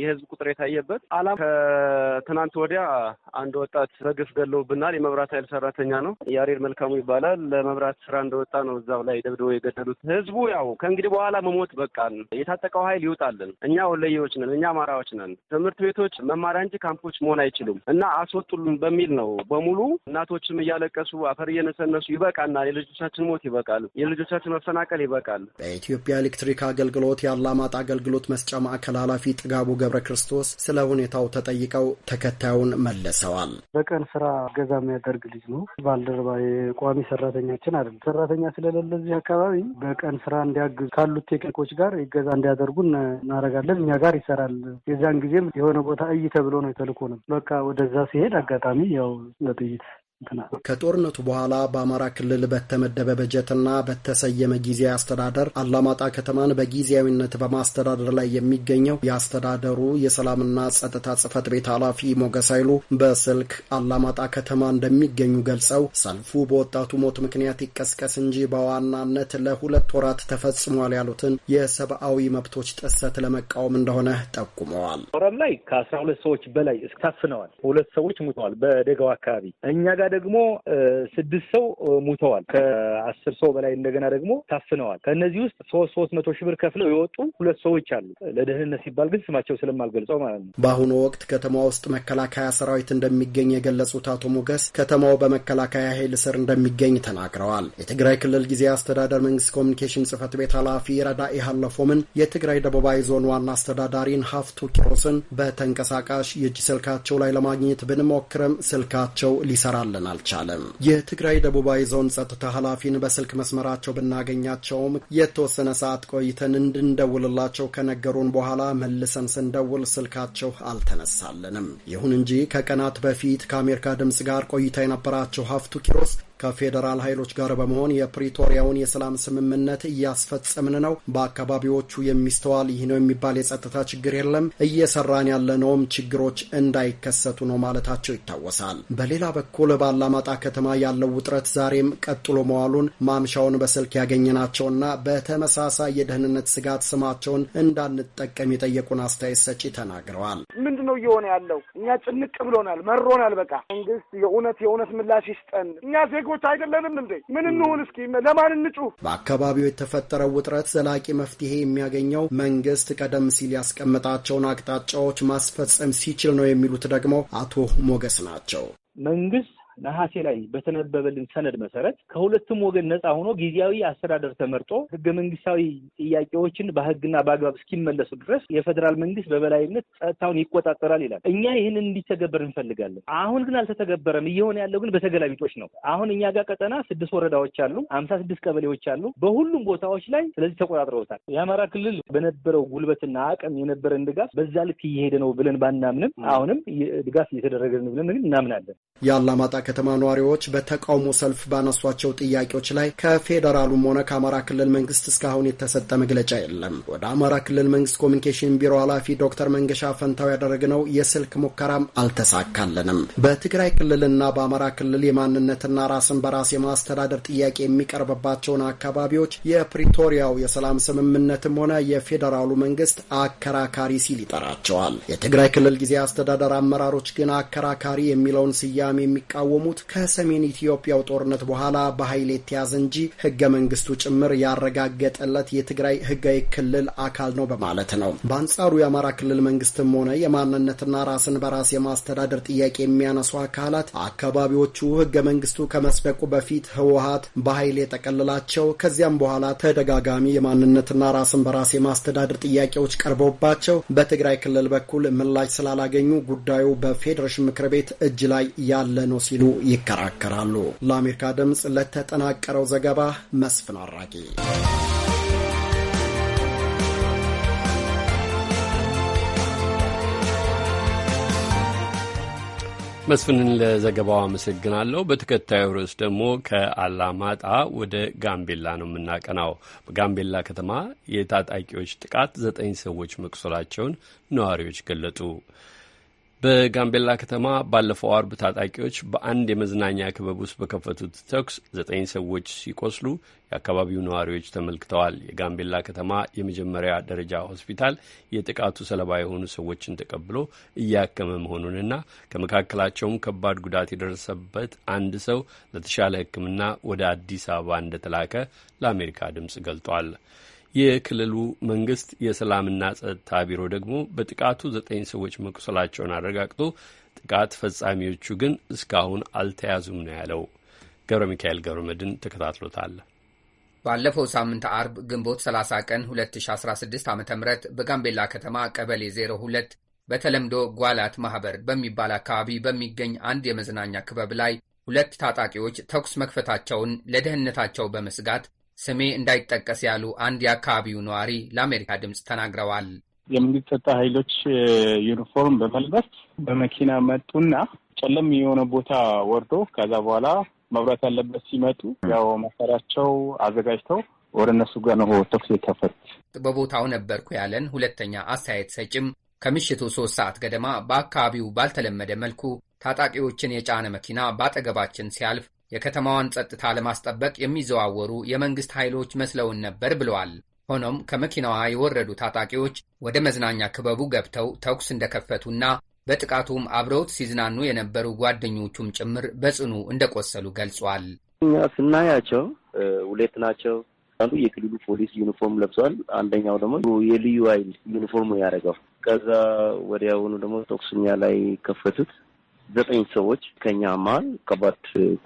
[SPEAKER 3] የህዝብ ቁጥር የታየበት አላም ከትናንት ወዲያ አንድ ወጣት በግፍ ገለውብናል። የመብራት ኃይል ሰራተኛ ነው፣ ያሬድ መልካሙ ይባላል። ለመብራት ስራ እንደወጣ ነው እዛው ላይ ደብድበው የገደሉት። ህዝቡ ያው ከእንግዲህ በኋላ መሞት በቃን፣ የታጠቀው ኃይል ይውጣልን። እኛ ወለየዎች ነን፣ እኛ አማራዎች ነን። ትምህርት ቤቶች መማሪያ እንጂ ካምፖች መሆን አይችሉም እና አስወጡልን በሚል ነው በሙሉ እናቶችም እያለቀሱ አፈር እየነሰነሱ ይበቃናል፣ የልጆቻችን ሞት ይበቃል፣ የልጆቻችን
[SPEAKER 8] መፈናቀል ይበቃል። በኢትዮጵያ ኤሌክትሪክ አገልግሎት የአላማጣ አገልግሎት መስጫ ማዕከል ኃላፊ ጥጋቡ ገብረ ክርስቶስ ስለ ሁኔታው ተጠይቀው ተከታዩን መለሰዋል። በቀን ስራ
[SPEAKER 3] ገዛ የሚያደርግ ልጅ ነው። ባልደረባ የቋሚ ሰራተኛችን አይደለም። ሰራተኛ ስለሌለ እዚህ አካባቢ በቀን ስራ እንዲያግዝ ካሉት ቴክኒኮች ጋር ይገዛ እንዲያደርጉ እናደርጋለን። እኛ ጋር ይሰራል።
[SPEAKER 8] የዛን ጊዜም የሆነ ቦታ እይ ተብሎ ነው የተልኮ ነው። በቃ ወደዛ ሲሄድ አጋጣሚ ያው ለጥይት ከጦርነቱ በኋላ በአማራ ክልል በተመደበ በጀትና በተሰየመ ጊዜያዊ አስተዳደር አላማጣ ከተማን በጊዜያዊነት በማስተዳደር ላይ የሚገኘው የአስተዳደሩ የሰላምና ጸጥታ ጽህፈት ቤት ኃላፊ ሞገስ ኃይሉ በስልክ አላማጣ ከተማ እንደሚገኙ ገልጸው ሰልፉ በወጣቱ ሞት ምክንያት ይቀስቀስ እንጂ በዋናነት ለሁለት ወራት ተፈጽሟል ያሉትን የሰብአዊ መብቶች ጥሰት ለመቃወም እንደሆነ
[SPEAKER 3] ጠቁመዋል።
[SPEAKER 2] ወረብ ላይ ከአስራ ሁለት ሰዎች በላይ ታፍነዋል። ሁለት ሰዎች ሙተዋል። በደጋው አካባቢ እኛ ጋር ደግሞ ስድስት ሰው ሙተዋል። ከአስር ሰው በላይ እንደገና ደግሞ
[SPEAKER 3] ታፍነዋል። ከእነዚህ ውስጥ ሶስት ሶስት መቶ ሺህ ብር ከፍለው የወጡ ሁለት ሰዎች አሉ። ለደህንነት ሲባል ግን ስማቸው
[SPEAKER 8] ስለማልገልጸው ማለት ነው። በአሁኑ ወቅት ከተማ ውስጥ መከላከያ ሰራዊት እንደሚገኝ የገለጹት አቶ ሞገስ ከተማው በመከላከያ ኃይል ስር እንደሚገኝ ተናግረዋል። የትግራይ ክልል ጊዜ አስተዳደር መንግስት ኮሚኒኬሽን ጽህፈት ቤት ኃላፊ ረዳኢ ሀለፎምን የትግራይ ደቡባዊ ዞን ዋና አስተዳዳሪን ሀፍቱ ኪሮስን በተንቀሳቃሽ የእጅ ስልካቸው ላይ ለማግኘት ብንሞክርም ስልካቸው ሊሰራለን ሊነግረን አልቻለም። የትግራይ ደቡባዊ ዞን ጸጥታ ኃላፊን በስልክ መስመራቸው ብናገኛቸውም የተወሰነ ሰዓት ቆይተን እንድንደውልላቸው ከነገሩን በኋላ መልሰን ስንደውል ስልካቸው አልተነሳለንም። ይሁን እንጂ ከቀናት በፊት ከአሜሪካ ድምፅ ጋር ቆይታ የነበራቸው ሀፍቱ ኪሮስ ከፌዴራል ኃይሎች ጋር በመሆን የፕሪቶሪያውን የሰላም ስምምነት እያስፈጸምን ነው። በአካባቢዎቹ የሚስተዋል ይህ ነው የሚባል የጸጥታ ችግር የለም። እየሰራን ያለነውም ችግሮች እንዳይከሰቱ ነው ማለታቸው ይታወሳል። በሌላ በኩል በአላማጣ ከተማ ያለው ውጥረት ዛሬም ቀጥሎ መዋሉን ማምሻውን በስልክ ያገኘናቸውና በተመሳሳይ የደህንነት ስጋት ስማቸውን እንዳንጠቀም የጠየቁን አስተያየት ሰጪ ተናግረዋል።
[SPEAKER 3] ምንድን ነው እየሆነ ያለው? እኛ ጭንቅ ብሎናል፣ መሮናል። በቃ መንግስት የእውነት የእውነት ምላሽ ይስጠን። እኛ ዜጎ ዜጎች አይደለንም እንዴ? ምን እንሁን? እስኪ ለማን እንጩህ?
[SPEAKER 8] በአካባቢው የተፈጠረው ውጥረት ዘላቂ መፍትሄ የሚያገኘው መንግስት ቀደም ሲል ያስቀመጣቸውን አቅጣጫዎች ማስፈጸም ሲችል ነው የሚሉት ደግሞ አቶ ሞገስ ናቸው። መንግስት ነሐሴ ላይ በተነበበልን ሰነድ መሰረት ከሁለቱም ወገን ነፃ ሆኖ ጊዜያዊ አስተዳደር ተመርጦ
[SPEAKER 3] ህገ መንግስታዊ ጥያቄዎችን በህግና በአግባብ እስኪመለሱ ድረስ የፌዴራል መንግስት በበላይነት
[SPEAKER 2] ጸጥታውን ይቆጣጠራል ይላል። እኛ ይህንን እንዲተገበር እንፈልጋለን። አሁን ግን አልተተገበረም። እየሆነ ያለው ግን በተገላቢጦች ነው። አሁን እኛ ጋር ቀጠና ስድስት ወረዳዎች አሉ፣ አምሳ ስድስት ቀበሌዎች አሉ። በሁሉም
[SPEAKER 3] ቦታዎች ላይ ስለዚህ ተቆጣጥረውታል። የአማራ ክልል በነበረው ጉልበትና አቅም የነበረን ድጋፍ በዛ
[SPEAKER 8] ልክ እየሄደ ነው ብለን ባናምንም አሁንም ድጋፍ እየተደረገ ነው ብለን ግን እናምናለን። የአላማጣ ከተማ ነዋሪዎች በተቃውሞ ሰልፍ ባነሷቸው ጥያቄዎች ላይ ከፌዴራሉም ሆነ ከአማራ ክልል መንግስት እስካሁን የተሰጠ መግለጫ የለም። ወደ አማራ ክልል መንግስት ኮሚኒኬሽን ቢሮ ኃላፊ ዶክተር መንገሻ ፈንታው ያደረግነው የስልክ ሙከራም አልተሳካልንም። በትግራይ ክልልና በአማራ ክልል የማንነትና ራስን በራስ የማስተዳደር ጥያቄ የሚቀርብባቸውን አካባቢዎች የፕሪቶሪያው የሰላም ስምምነትም ሆነ የፌዴራሉ መንግስት አከራካሪ ሲል ይጠራቸዋል። የትግራይ ክልል ጊዜ አስተዳደር አመራሮች ግን አከራካሪ የሚለውን ስያ ሰላም የሚቃወሙት ከሰሜን ኢትዮጵያው ጦርነት በኋላ በኃይል የተያዘ እንጂ ህገ መንግስቱ ጭምር ያረጋገጠለት የትግራይ ህጋዊ ክልል አካል ነው በማለት ነው። በአንጻሩ የአማራ ክልል መንግስትም ሆነ የማንነትና ራስን በራስ የማስተዳደር ጥያቄ የሚያነሱ አካላት አካባቢዎቹ ህገ መንግስቱ ከመስበቁ በፊት ህወሀት በኃይል የጠቀልላቸው ከዚያም በኋላ ተደጋጋሚ የማንነትና ራስን በራስ የማስተዳደር ጥያቄዎች ቀርበውባቸው በትግራይ ክልል በኩል ምላሽ ስላላገኙ ጉዳዩ በፌዴሬሽን ምክር ቤት እጅ ላይ ያ እንዳለ ነው ሲሉ ይከራከራሉ። ለአሜሪካ ድምፅ ለተጠናቀረው ዘገባ መስፍን አራጊ
[SPEAKER 1] መስፍንን ለዘገባው አመሰግናለሁ። በተከታዩ ርዕስ ደግሞ ከአላማጣ ወደ ጋምቤላ ነው የምናቀናው። በጋምቤላ ከተማ የታጣቂዎች ጥቃት ዘጠኝ ሰዎች መቁሰላቸውን ነዋሪዎች ገለጡ። በጋምቤላ ከተማ ባለፈው አርብ ታጣቂዎች በአንድ የመዝናኛ ክበብ ውስጥ በከፈቱት ተኩስ ዘጠኝ ሰዎች ሲቆስሉ የአካባቢው ነዋሪዎች ተመልክተዋል። የጋምቤላ ከተማ የመጀመሪያ ደረጃ ሆስፒታል የጥቃቱ ሰለባ የሆኑ ሰዎችን ተቀብሎ እያከመ መሆኑንና ከመካከላቸውም ከባድ ጉዳት የደረሰበት አንድ ሰው ለተሻለ ሕክምና ወደ አዲስ አበባ እንደተላከ ለአሜሪካ ድምጽ ገልጧል። የክልሉ መንግስት የሰላምና ጸጥታ ቢሮ ደግሞ በጥቃቱ ዘጠኝ ሰዎች መቁሰላቸውን አረጋግጦ ጥቃት ፈጻሚዎቹ ግን እስካሁን አልተያዙም ነው ያለው። ገብረ ሚካኤል ገብረ መድን ተከታትሎታል።
[SPEAKER 9] ባለፈው ሳምንት አርብ ግንቦት 30 ቀን 2016 ዓ ም በጋምቤላ ከተማ ቀበሌ 02 በተለምዶ ጓላት ማህበር በሚባል አካባቢ በሚገኝ አንድ የመዝናኛ ክበብ ላይ ሁለት ታጣቂዎች ተኩስ መክፈታቸውን ለደህንነታቸው በመስጋት ስሜ እንዳይጠቀስ ያሉ አንድ የአካባቢው ነዋሪ ለአሜሪካ ድምፅ ተናግረዋል።
[SPEAKER 3] የመንግስት ጸጥታ ኃይሎች
[SPEAKER 4] ዩኒፎርም በመልበስ በመኪና መጡና ጨለም የሆነ ቦታ ወርዶ
[SPEAKER 9] ከዛ በኋላ መብራት ያለበት ሲመጡ ያው መሳሪያቸው አዘጋጅተው
[SPEAKER 2] ወደ
[SPEAKER 3] እነሱ ጋር ነው ተኩስ የከፈት።
[SPEAKER 9] በቦታው ነበርኩ ያለን ሁለተኛ አስተያየት ሰጭም ከምሽቱ ሶስት ሰዓት ገደማ በአካባቢው ባልተለመደ መልኩ ታጣቂዎችን የጫነ መኪና በአጠገባችን ሲያልፍ የከተማዋን ጸጥታ ለማስጠበቅ የሚዘዋወሩ የመንግሥት ኃይሎች መስለውን ነበር ብለዋል። ሆኖም ከመኪናዋ የወረዱ ታጣቂዎች ወደ መዝናኛ ክበቡ ገብተው ተኩስ እንደከፈቱና በጥቃቱም አብረውት ሲዝናኑ የነበሩ ጓደኞቹም ጭምር በጽኑ እንደቆሰሉ ገልጿል።
[SPEAKER 3] እኛ ስናያቸው ሁለት ናቸው። አንዱ የክልሉ ፖሊስ ዩኒፎርም ለብሷል። አንደኛው ደግሞ የልዩ ኃይል ዩኒፎርሙ ያደረገው። ከዛ ወዲያውኑ ደግሞ ተኩስ እኛ ላይ ከፈቱት። ዘጠኝ ሰዎች ከኛ መሀል ከባድ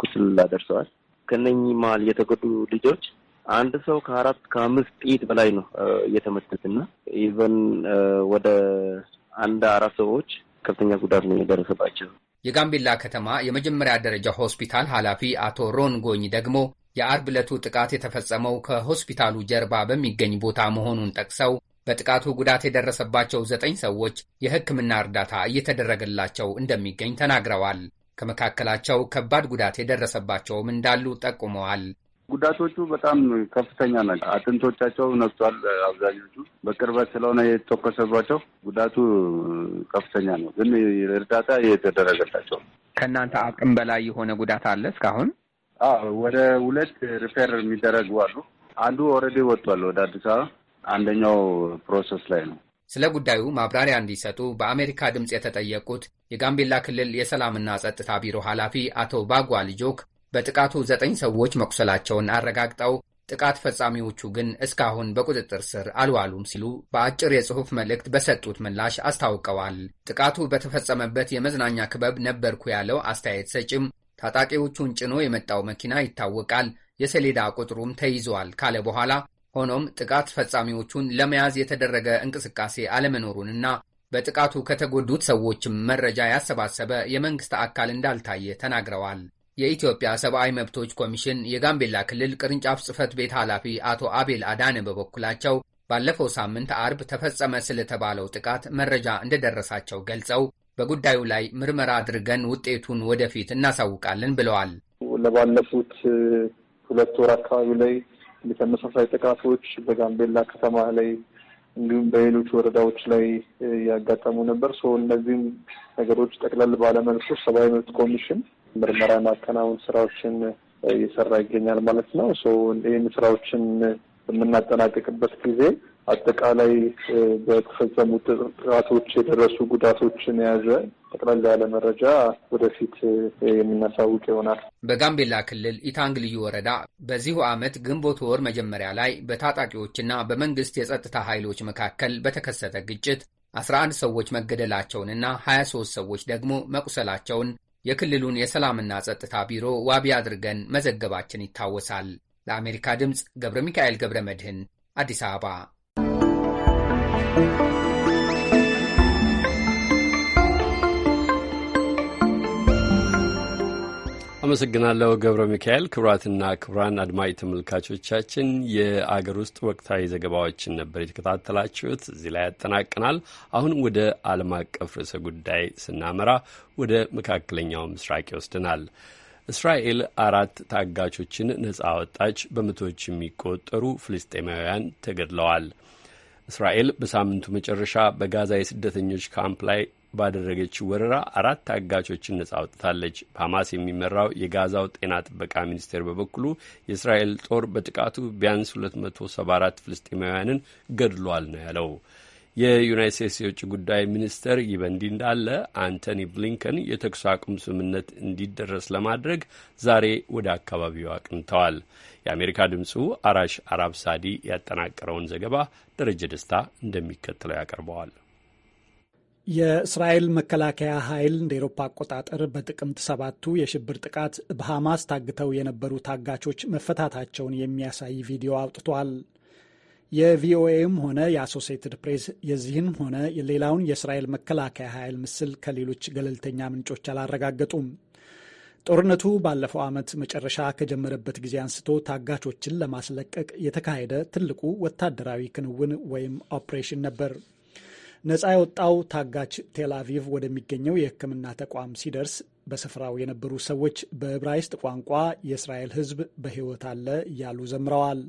[SPEAKER 3] ቁስል አደርሰዋል። ከነኚህ መሀል የተጎዱ ልጆች አንድ ሰው ከአራት ከአምስት ጥይት በላይ ነው እየተመተትና ኢቨን ወደ አንድ አራት ሰዎች ከፍተኛ ጉዳት ነው የደረሰባቸው።
[SPEAKER 9] የጋምቤላ ከተማ የመጀመሪያ ደረጃ ሆስፒታል ኃላፊ አቶ ሮን ጎኝ ደግሞ የአርብ ዕለቱ ጥቃት የተፈጸመው ከሆስፒታሉ ጀርባ በሚገኝ ቦታ መሆኑን ጠቅሰው በጥቃቱ ጉዳት የደረሰባቸው ዘጠኝ ሰዎች የሕክምና እርዳታ እየተደረገላቸው እንደሚገኝ ተናግረዋል። ከመካከላቸው ከባድ ጉዳት የደረሰባቸውም እንዳሉ ጠቁመዋል።
[SPEAKER 3] ጉዳቶቹ በጣም ከፍተኛ ናቸው። አጥንቶቻቸው ነክቷል። አብዛኞቹ በቅርበት ስለሆነ የተተኮሰባቸው ጉዳቱ ከፍተኛ ነው፣ ግን እርዳታ እየተደረገላቸው።
[SPEAKER 9] ከእናንተ አቅም በላይ የሆነ ጉዳት አለ እስካሁን? አዎ፣ ወደ ሁለት ሪፌር የሚደረጉ አሉ። አንዱ ኦልሬዲ
[SPEAKER 3] ወጥቷል ወደ አዲስ አበባ አንደኛው ፕሮሰስ ላይ ነው።
[SPEAKER 9] ስለ ጉዳዩ ማብራሪያ እንዲሰጡ በአሜሪካ ድምፅ የተጠየቁት የጋምቤላ ክልል የሰላምና ጸጥታ ቢሮ ኃላፊ አቶ ባጓ ልጆክ በጥቃቱ ዘጠኝ ሰዎች መቁሰላቸውን አረጋግጠው ጥቃት ፈጻሚዎቹ ግን እስካሁን በቁጥጥር ስር አልዋሉም ሲሉ በአጭር የጽሑፍ መልእክት በሰጡት ምላሽ አስታውቀዋል። ጥቃቱ በተፈጸመበት የመዝናኛ ክበብ ነበርኩ ያለው አስተያየት ሰጭም፣ ታጣቂዎቹን ጭኖ የመጣው መኪና ይታወቃል፣ የሰሌዳ ቁጥሩም ተይዟል ካለ በኋላ ሆኖም ጥቃት ፈጻሚዎቹን ለመያዝ የተደረገ እንቅስቃሴ አለመኖሩንና በጥቃቱ ከተጎዱት ሰዎችም መረጃ ያሰባሰበ የመንግሥት አካል እንዳልታየ ተናግረዋል። የኢትዮጵያ ሰብአዊ መብቶች ኮሚሽን የጋምቤላ ክልል ቅርንጫፍ ጽፈት ቤት ኃላፊ አቶ አቤል አዳነ በበኩላቸው ባለፈው ሳምንት አርብ ተፈጸመ ስለተባለው ጥቃት መረጃ እንደደረሳቸው ገልጸው በጉዳዩ ላይ ምርመራ አድርገን ውጤቱን ወደፊት እናሳውቃለን ብለዋል።
[SPEAKER 3] ለባለፉት ሁለት ወር አካባቢ ላይ ተመሳሳይ ጥቃቶች በጋምቤላ ከተማ ላይ እንዲሁም በሌሎች ወረዳዎች ላይ ያጋጠሙ ነበር። ሶ እነዚህም ነገሮች ጠቅለል ባለመልኩ ሰብአዊ መብት ኮሚሽን ምርመራ ማከናወን ስራዎችን እየሰራ ይገኛል ማለት ነው። ሶ ይህን ስራዎችን በምናጠናቀቅበት ጊዜ አጠቃላይ በተፈጸሙ ጥቃቶች የደረሱ ጉዳቶችን የያዘ ጠቅላላ ያለ መረጃ ወደፊት የምናሳውቅ
[SPEAKER 9] ይሆናል። በጋምቤላ ክልል ኢታንግ ልዩ ወረዳ በዚሁ ዓመት ግንቦት ወር መጀመሪያ ላይ በታጣቂዎችና በመንግስት የጸጥታ ኃይሎች መካከል በተከሰተ ግጭት 11 ሰዎች መገደላቸውንና 23 ሰዎች ደግሞ መቁሰላቸውን የክልሉን የሰላምና ጸጥታ ቢሮ ዋቢ አድርገን መዘገባችን ይታወሳል። ለአሜሪካ ድምፅ ገብረ ሚካኤል ገብረ መድህን አዲስ አበባ
[SPEAKER 1] አመሰግናለሁ ገብረ ሚካኤል። ክቡራትና ክቡራን አድማጭ ተመልካቾቻችን የአገር ውስጥ ወቅታዊ ዘገባዎችን ነበር የተከታተላችሁት። እዚህ ላይ ያጠናቅናል። አሁን ወደ ዓለም አቀፍ ርዕሰ ጉዳይ ስናመራ ወደ መካከለኛው ምስራቅ ይወስድናል። እስራኤል አራት ታጋቾችን ነጻ አወጣች። በመቶዎች የሚቆጠሩ ፍልስጤማውያን ተገድለዋል። እስራኤል በሳምንቱ መጨረሻ በጋዛ የስደተኞች ካምፕ ላይ ባደረገችው ወረራ አራት አጋቾችን ነጻ አውጥታለች። በሐማስ የሚመራው የጋዛው ጤና ጥበቃ ሚኒስቴር በበኩሉ የእስራኤል ጦር በጥቃቱ ቢያንስ 274 ፍልስጤማውያንን ገድሏል ነው ያለው። የዩናይት ስቴትስ የውጭ ጉዳይ ሚኒስተር ይህ በእንዲህ እንዳለ አንቶኒ ብሊንከን የተኩስ አቁም ስምምነት እንዲደረስ ለማድረግ ዛሬ ወደ አካባቢው አቅንተዋል። የአሜሪካ ድምፁ አራሽ አራብ ሳዲ ያጠናቀረውን ዘገባ ደረጀ ደስታ እንደሚከተለው ያቀርበዋል።
[SPEAKER 10] የእስራኤል መከላከያ ኃይል እንደ ኤሮፓ አቆጣጠር በጥቅምት ሰባቱ የሽብር ጥቃት በሐማስ ታግተው የነበሩ ታጋቾች መፈታታቸውን የሚያሳይ ቪዲዮ አውጥቷል። የቪኦኤም ሆነ የአሶሴትድ ፕሬስ የዚህም ሆነ ሌላውን የእስራኤል መከላከያ ኃይል ምስል ከሌሎች ገለልተኛ ምንጮች አላረጋገጡም። ጦርነቱ ባለፈው ዓመት መጨረሻ ከጀመረበት ጊዜ አንስቶ ታጋቾችን ለማስለቀቅ የተካሄደ ትልቁ ወታደራዊ ክንውን ወይም ኦፕሬሽን ነበር። ነፃ የወጣው ታጋች ቴል ወደሚገኘው የሕክምና ተቋም ሲደርስ በስፍራው የነበሩ ሰዎች በዕብራይስጥ ቋንቋ የእስራኤል ሕዝብ በሕይወት አለ እያሉ ዘምረዋል።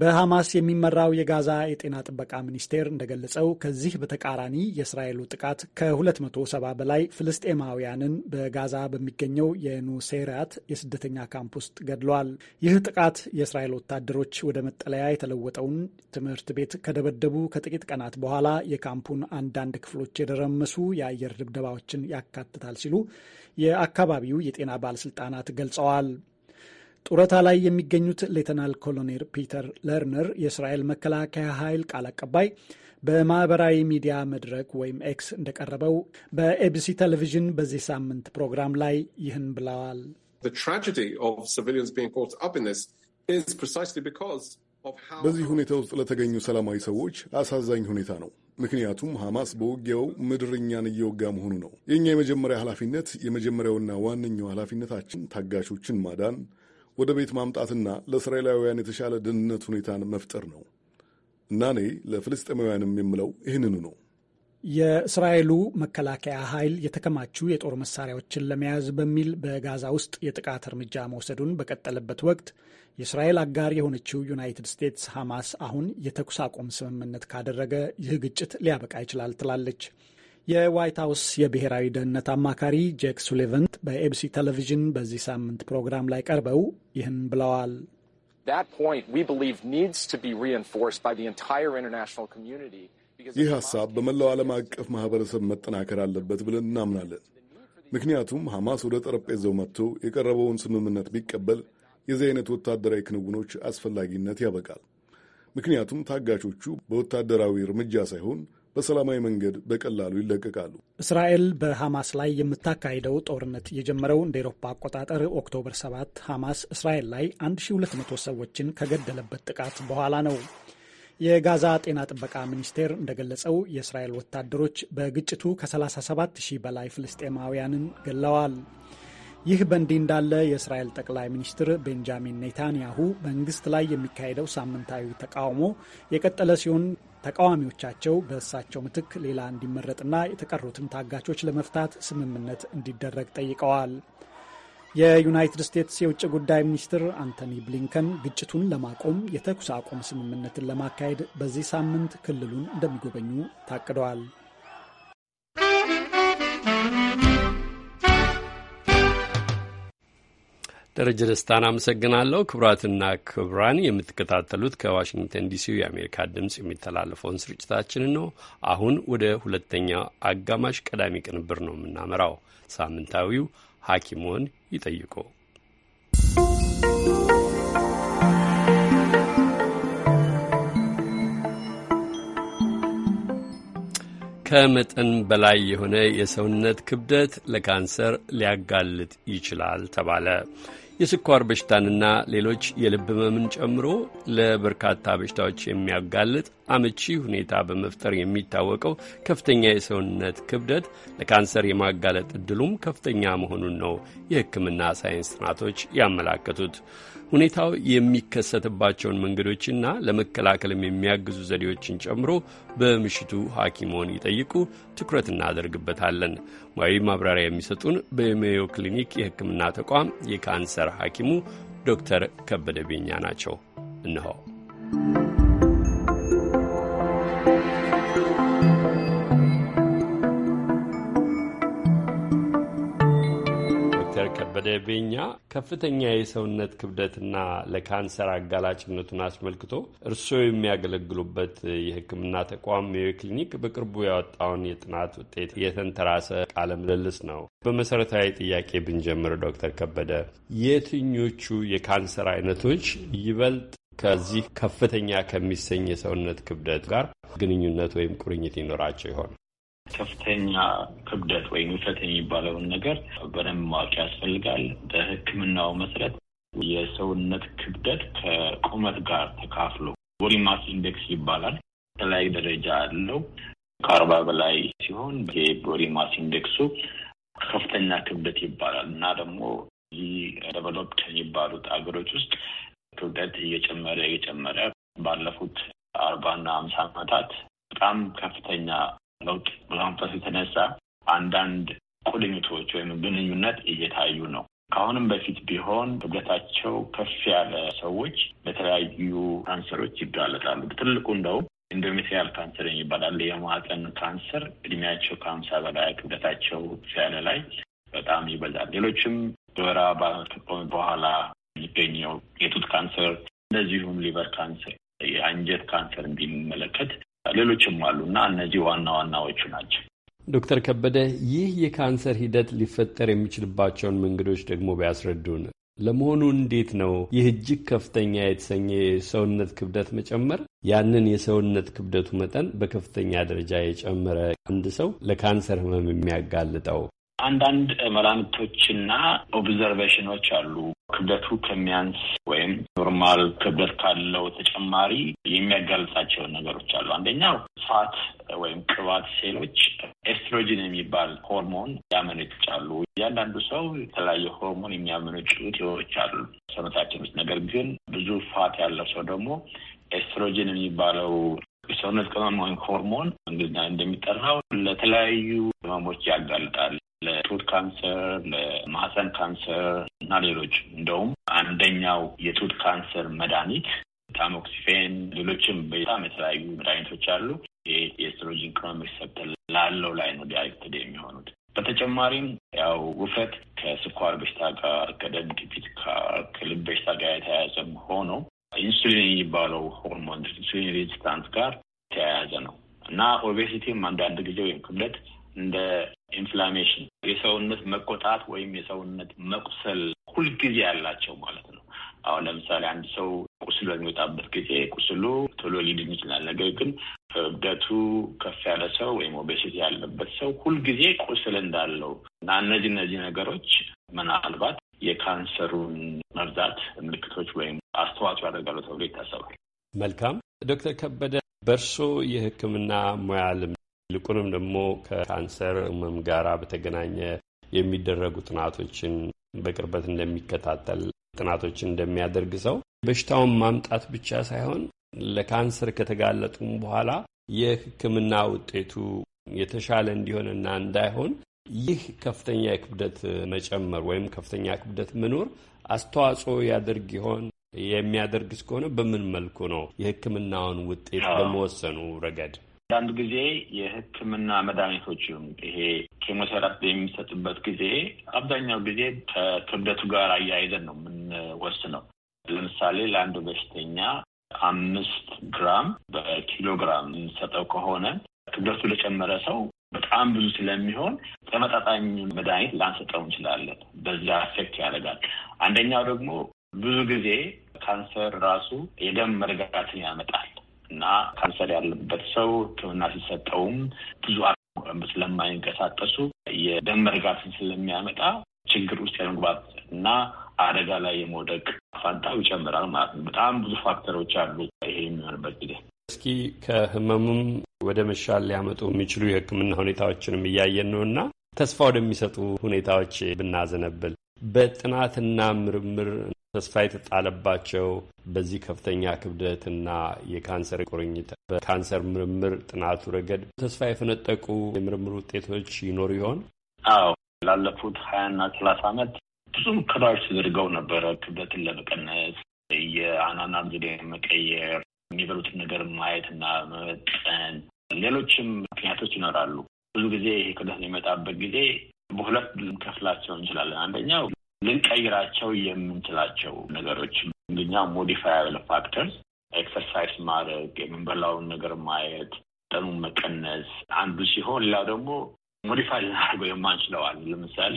[SPEAKER 10] በሐማስ የሚመራው የጋዛ የጤና ጥበቃ ሚኒስቴር እንደገለጸው ከዚህ በተቃራኒ የእስራኤሉ ጥቃት ከ270 በላይ ፍልስጤማውያንን በጋዛ በሚገኘው የኑሴራት የስደተኛ ካምፕ ውስጥ ገድሏል። ይህ ጥቃት የእስራኤል ወታደሮች ወደ መጠለያ የተለወጠውን ትምህርት ቤት ከደበደቡ ከጥቂት ቀናት በኋላ የካምፑን አንዳንድ ክፍሎች የደረመሱ የአየር ድብደባዎችን ያካትታል ሲሉ የአካባቢው የጤና ባለስልጣናት ገልጸዋል። ጡረታ ላይ የሚገኙት ሌተናል ኮሎኔል ፒተር ለርነር የእስራኤል መከላከያ ኃይል ቃል አቀባይ በማህበራዊ ሚዲያ መድረክ ወይም ኤክስ እንደቀረበው በኤቢሲ ቴሌቪዥን በዚህ ሳምንት ፕሮግራም ላይ ይህን ብለዋል።
[SPEAKER 7] በዚህ ሁኔታ ውስጥ ለተገኙ ሰላማዊ ሰዎች አሳዛኝ ሁኔታ ነው። ምክንያቱም ሐማስ በውጊያው ምድርኛን እየወጋ መሆኑ ነው። የእኛ የመጀመሪያ ኃላፊነት፣ የመጀመሪያውና ዋነኛው ኃላፊነታችን ታጋሾችን ማዳን ወደ ቤት ማምጣትና ለእስራኤላውያን የተሻለ ደህንነት ሁኔታን መፍጠር ነው እና እኔ ለፍልስጤማውያንም የምለው ይህንኑ ነው።
[SPEAKER 10] የእስራኤሉ መከላከያ ኃይል የተከማቹ የጦር መሳሪያዎችን ለመያዝ በሚል በጋዛ ውስጥ የጥቃት እርምጃ መውሰዱን በቀጠለበት ወቅት የእስራኤል አጋር የሆነችው ዩናይትድ ስቴትስ ሐማስ አሁን የተኩስ አቁም ስምምነት ካደረገ ይህ ግጭት ሊያበቃ ይችላል ትላለች። የዋይት ሀውስ የብሔራዊ ደህንነት አማካሪ ጄክ ሱሊቨንት በኤቢሲ ቴሌቪዥን በዚህ ሳምንት ፕሮግራም ላይ ቀርበው ይህን ብለዋል።
[SPEAKER 7] ይህ ሐሳብ በመላው ዓለም አቀፍ ማኅበረሰብ መጠናከር አለበት ብለን እናምናለን። ምክንያቱም ሐማስ ወደ ጠረጴዛው መጥቶ የቀረበውን ስምምነት ቢቀበል የዚህ አይነት ወታደራዊ ክንውኖች አስፈላጊነት ያበቃል። ምክንያቱም ታጋቾቹ በወታደራዊ እርምጃ ሳይሆን በሰላማዊ መንገድ በቀላሉ ይለቀቃሉ።
[SPEAKER 10] እስራኤል በሐማስ ላይ የምታካሂደው ጦርነት የጀመረው እንደ ኤሮፓ አቆጣጠር ኦክቶበር 7 ሐማስ እስራኤል ላይ 1200 ሰዎችን ከገደለበት ጥቃት በኋላ ነው። የጋዛ ጤና ጥበቃ ሚኒስቴር እንደገለጸው የእስራኤል ወታደሮች በግጭቱ ከ37 ሺህ በላይ ፍልስጤማውያንን ገለዋል። ይህ በእንዲህ እንዳለ የእስራኤል ጠቅላይ ሚኒስትር ቤንጃሚን ኔታንያሁ መንግስት ላይ የሚካሄደው ሳምንታዊ ተቃውሞ የቀጠለ ሲሆን ተቃዋሚዎቻቸው በእሳቸው ምትክ ሌላ እንዲመረጥና የተቀሩትን ታጋቾች ለመፍታት ስምምነት እንዲደረግ ጠይቀዋል። የዩናይትድ ስቴትስ የውጭ ጉዳይ ሚኒስትር አንቶኒ ብሊንከን ግጭቱን ለማቆም የተኩስ አቁም ስምምነትን ለማካሄድ በዚህ ሳምንት ክልሉን እንደሚጎበኙ ታቅደዋል።
[SPEAKER 1] ደረጀ ደስታን አመሰግናለሁ። ክቡራትና ክቡራን የምትከታተሉት ከዋሽንግተን ዲሲው የአሜሪካ ድምፅ የሚተላለፈውን ስርጭታችንን ነው። አሁን ወደ ሁለተኛው አጋማሽ ቀዳሚ ቅንብር ነው የምናመራው። ሳምንታዊው ሐኪሞን ይጠይቁ ከመጠን በላይ የሆነ የሰውነት ክብደት ለካንሰር ሊያጋልጥ ይችላል ተባለ። የስኳር በሽታንና ሌሎች የልብ ህመምን ጨምሮ ለበርካታ በሽታዎች የሚያጋልጥ አመቺ ሁኔታ በመፍጠር የሚታወቀው ከፍተኛ የሰውነት ክብደት ለካንሰር የማጋለጥ እድሉም ከፍተኛ መሆኑን ነው የሕክምና ሳይንስ ጥናቶች ያመላከቱት። ሁኔታው የሚከሰትባቸውን መንገዶችና ለመከላከልም የሚያግዙ ዘዴዎችን ጨምሮ በምሽቱ ሐኪሞን ይጠይቁ ትኩረት እናደርግበታለን። ሙያዊ ማብራሪያ የሚሰጡን በሜዮ ክሊኒክ የሕክምና ተቋም የካንሰር ሐኪሙ ዶክተር ከበደ ቤኛ ናቸው። እንሆ ቤኛ ከፍተኛ የሰውነት ክብደትና ለካንሰር አጋላጭነቱን አስመልክቶ እርስዎ የሚያገለግሉበት የሕክምና ተቋም ሜዮ ክሊኒክ በቅርቡ ያወጣውን የጥናት ውጤት የተንተራሰ ቃለ ምልልስ ነው። በመሰረታዊ ጥያቄ ብንጀምር፣ ዶክተር ከበደ የትኞቹ የካንሰር አይነቶች ይበልጥ ከዚህ ከፍተኛ ከሚሰኝ የሰውነት ክብደት ጋር ግንኙነት ወይም ቁርኝት ይኖራቸው ይሆን?
[SPEAKER 4] ከፍተኛ ክብደት ወይም ውፍረት የሚባለውን ነገር በደንብ ማወቅ ያስፈልጋል። በሕክምናው መሰረት የሰውነት ክብደት ከቁመት ጋር ተካፍሎ ቦዲ ማስ ኢንዴክስ ይባላል። የተለያዩ ደረጃ አለው። ከአርባ በላይ ሲሆን የቦዲ ማስ ኢንዴክሱ ከፍተኛ ክብደት ይባላል እና ደግሞ እዚህ ደቨሎፕድ የሚባሉት ሀገሮች ውስጥ ክብደት እየጨመረ እየጨመረ ባለፉት አርባና አምሳ ዓመታት በጣም ከፍተኛ ለውጥ በመንፈስ የተነሳ አንዳንድ ቁልኝቶች ወይም ግንኙነት እየታዩ ነው። ከአሁንም በፊት ቢሆን ክብደታቸው ከፍ ያለ ሰዎች ለተለያዩ ካንሰሮች ይጋለጣሉ። ትልቁ እንደውም ኢንዶሜትሪያል ካንሰር ይባላል። የማህፀን ካንሰር እድሜያቸው ከሀምሳ በላይ ክብደታቸው ከፍ ያለ ላይ በጣም ይበዛል። ሌሎችም ወር አበባ በኋላ የሚገኘው የጡት ካንሰር እንደዚሁም ሊቨር ካንሰር፣ የአንጀት ካንሰር እንዲመለከት ሌሎችም አሉ እና እነዚህ ዋና ዋናዎቹ ናቸው።
[SPEAKER 1] ዶክተር ከበደ ይህ የካንሰር ሂደት ሊፈጠር የሚችልባቸውን መንገዶች ደግሞ ቢያስረዱን። ለመሆኑ እንዴት ነው ይህ እጅግ ከፍተኛ የተሰኘ የሰውነት ክብደት መጨመር ያንን የሰውነት ክብደቱ መጠን በከፍተኛ ደረጃ የጨመረ አንድ ሰው ለካንሰር ህመም የሚያጋልጠው?
[SPEAKER 4] አንዳንድ መላምቶችና ኦብዘርቬሽኖች አሉ። ክብደቱ ከሚያንስ ወይም ኖርማል ክብደት ካለው ተጨማሪ የሚያጋልጻቸውን ነገሮች አሉ። አንደኛው ፋት ወይም ቅባት ሴሎች ኤስትሮጂን የሚባል ሆርሞን ያመነጫሉ። እያንዳንዱ ሰው የተለያየ ሆርሞን የሚያመነጩ ቲዎች አሉ ሰውነታችን ውስጥ። ነገር ግን ብዙ ፋት ያለው ሰው ደግሞ ኤስትሮጂን የሚባለው የሰውነት ቅመም ወይም ሆርሞን እንግዲህ እንደሚጠራው ለተለያዩ ህመሞች ያጋልጣል። ለጡት ካንሰር፣ ለማህፀን ካንሰር እና ሌሎች እንደውም አንደኛው የጡት ካንሰር መድኃኒት ታሞክሲፌን፣ ሌሎችም በጣም የተለያዩ መድኃኒቶች አሉ። ይሄ የኤስትሮጂን ቅመም ሪሰፕተር ላለው ላይ ነው ዳይሬክትድ የሚሆኑት። በተጨማሪም ያው ውፍረት ከስኳር በሽታ ጋር ከደም ግፊት ጋር ከልብ በሽታ ጋር የተያያዘም ሆኖ ኢንሱሊን የሚባለው ሆርሞን ኢንሱሊን ሬዚስታንስ ጋር የተያያዘ ነው እና ኦቤሲቲም አንዳንድ ጊዜ ወይም ክብደት እንደ ኢንፍላሜሽን የሰውነት መቆጣት ወይም የሰውነት መቁሰል ሁልጊዜ ያላቸው ማለት ነው። አሁን ለምሳሌ አንድ ሰው ቁስል በሚወጣበት ጊዜ ቁስሉ ቶሎ ሊድን ይችላል። ነገር ግን እብደቱ ከፍ ያለ ሰው ወይም ኦቤሲቲ ያለበት ሰው ሁልጊዜ ቁስል እንዳለው እና እነዚህ እነዚህ ነገሮች ምናልባት የካንሰሩን መብዛት ምልክቶች ወይም አስተዋጽኦ ያደርጋሉ ተብሎ ይታሰባል።
[SPEAKER 1] መልካም ዶክተር ከበደ በእርሶ የሕክምና ሙያ ልምድ ይልቁንም ደግሞ ከካንሰር ህመም ጋር በተገናኘ የሚደረጉ ጥናቶችን በቅርበት እንደሚከታተል ጥናቶችን እንደሚያደርግ ሰው በሽታውን ማምጣት ብቻ ሳይሆን ለካንሰር ከተጋለጡም በኋላ የህክምና ውጤቱ የተሻለ እንዲሆንና እንዳይሆን ይህ ከፍተኛ የክብደት መጨመር ወይም ከፍተኛ ክብደት መኖር አስተዋጽኦ ያደርግ ይሆን? የሚያደርግ እስከሆነ በምን መልኩ ነው የህክምናውን ውጤት በመወሰኑ ረገድ
[SPEAKER 4] አንዳንድ ጊዜ የሕክምና መድኃኒቶችም ይሄ ኬሞቴራፒ የሚሰጥበት ጊዜ አብዛኛው ጊዜ ከክብደቱ ጋር አያይዘን ነው የምንወስነው። ለምሳሌ ለአንድ በሽተኛ አምስት ግራም በኪሎ ግራም የምንሰጠው ከሆነ ክብደቱ ለጨመረ ሰው በጣም ብዙ ስለሚሆን ተመጣጣኝ መድኃኒት ላንሰጠው እንችላለን። በዛ አፌክት ያደርጋል። አንደኛው ደግሞ ብዙ ጊዜ ካንሰር ራሱ የደም መርጋትን ያመጣል። እና ካንሰር ያለበት ሰው ሕክምና ሲሰጠውም ብዙ ስለማይንቀሳቀሱ የደም መርጋትን ስለሚያመጣ ችግር ውስጥ የመግባት እና አደጋ ላይ የመውደቅ ፋንታው ይጨምራል ማለት ነው። በጣም ብዙ ፋክተሮች አሉ ይሄ የሚሆንበት ጊዜ።
[SPEAKER 1] እስኪ ከህመሙም ወደ መሻል ሊያመጡ የሚችሉ የህክምና ሁኔታዎችንም እያየን ነው እና ተስፋ ወደሚሰጡ ሁኔታዎች ብናዘነብል በጥናትና ምርምር ተስፋ የተጣለባቸው በዚህ ከፍተኛ ክብደትና የካንሰር ቁርኝት በካንሰር ምርምር ጥናቱ ረገድ ተስፋ የፈነጠቁ የምርምር ውጤቶች ይኖሩ ይሆን?
[SPEAKER 4] አዎ ላለፉት ሀያና ሰላሳ ዓመት ብዙ ሙከራዎች ተደርገው ነበረ። ክብደትን ለመቀነስ የአኗኗር ዘዴን መቀየር፣ የሚበሉትን ነገር ማየትና መመጠን ሌሎችም ምክንያቶች ይኖራሉ። ብዙ ጊዜ ይሄ ክብደት የሚመጣበት ጊዜ በሁለት ከፍላቸው እንችላለን። አንደኛው ልንቀይራቸው የምንችላቸው ነገሮች እንግኛ ሞዲፋያብል ፋክተርስ ኤክሰርሳይዝ ማድረግ፣ የምንበላውን ነገር ማየት፣ ጠኑ መቀነስ አንዱ ሲሆን ሌላው ደግሞ ሞዲፋይ ልናደርገው የማንችለዋል። ለምሳሌ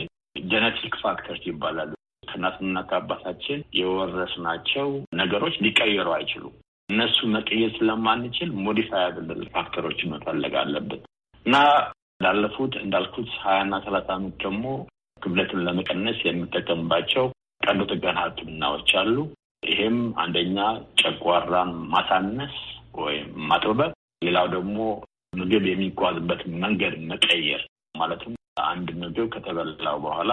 [SPEAKER 4] ጀነቲክ ፋክተርስ ይባላሉ። ከእናትና ከአባታችን የወረስናቸው ነገሮች ሊቀየሩ አይችሉም። እነሱ መቀየር ስለማንችል ሞዲፋያብል ፋክተሮችን መፈለግ አለበት እና እንዳለፉት እንዳልኩት ሀያና ሰላሳ ዓመት ደግሞ ክብደትን ለመቀነስ የምጠቀምባቸው ቀዶ ጥገና ሕክምናዎች አሉ። ይሄም አንደኛ ጨጓራን ማሳነስ ወይም ማጥበብ፣ ሌላው ደግሞ ምግብ የሚጓዝበት መንገድ መቀየር ማለትም አንድ ምግብ ከተበላው በኋላ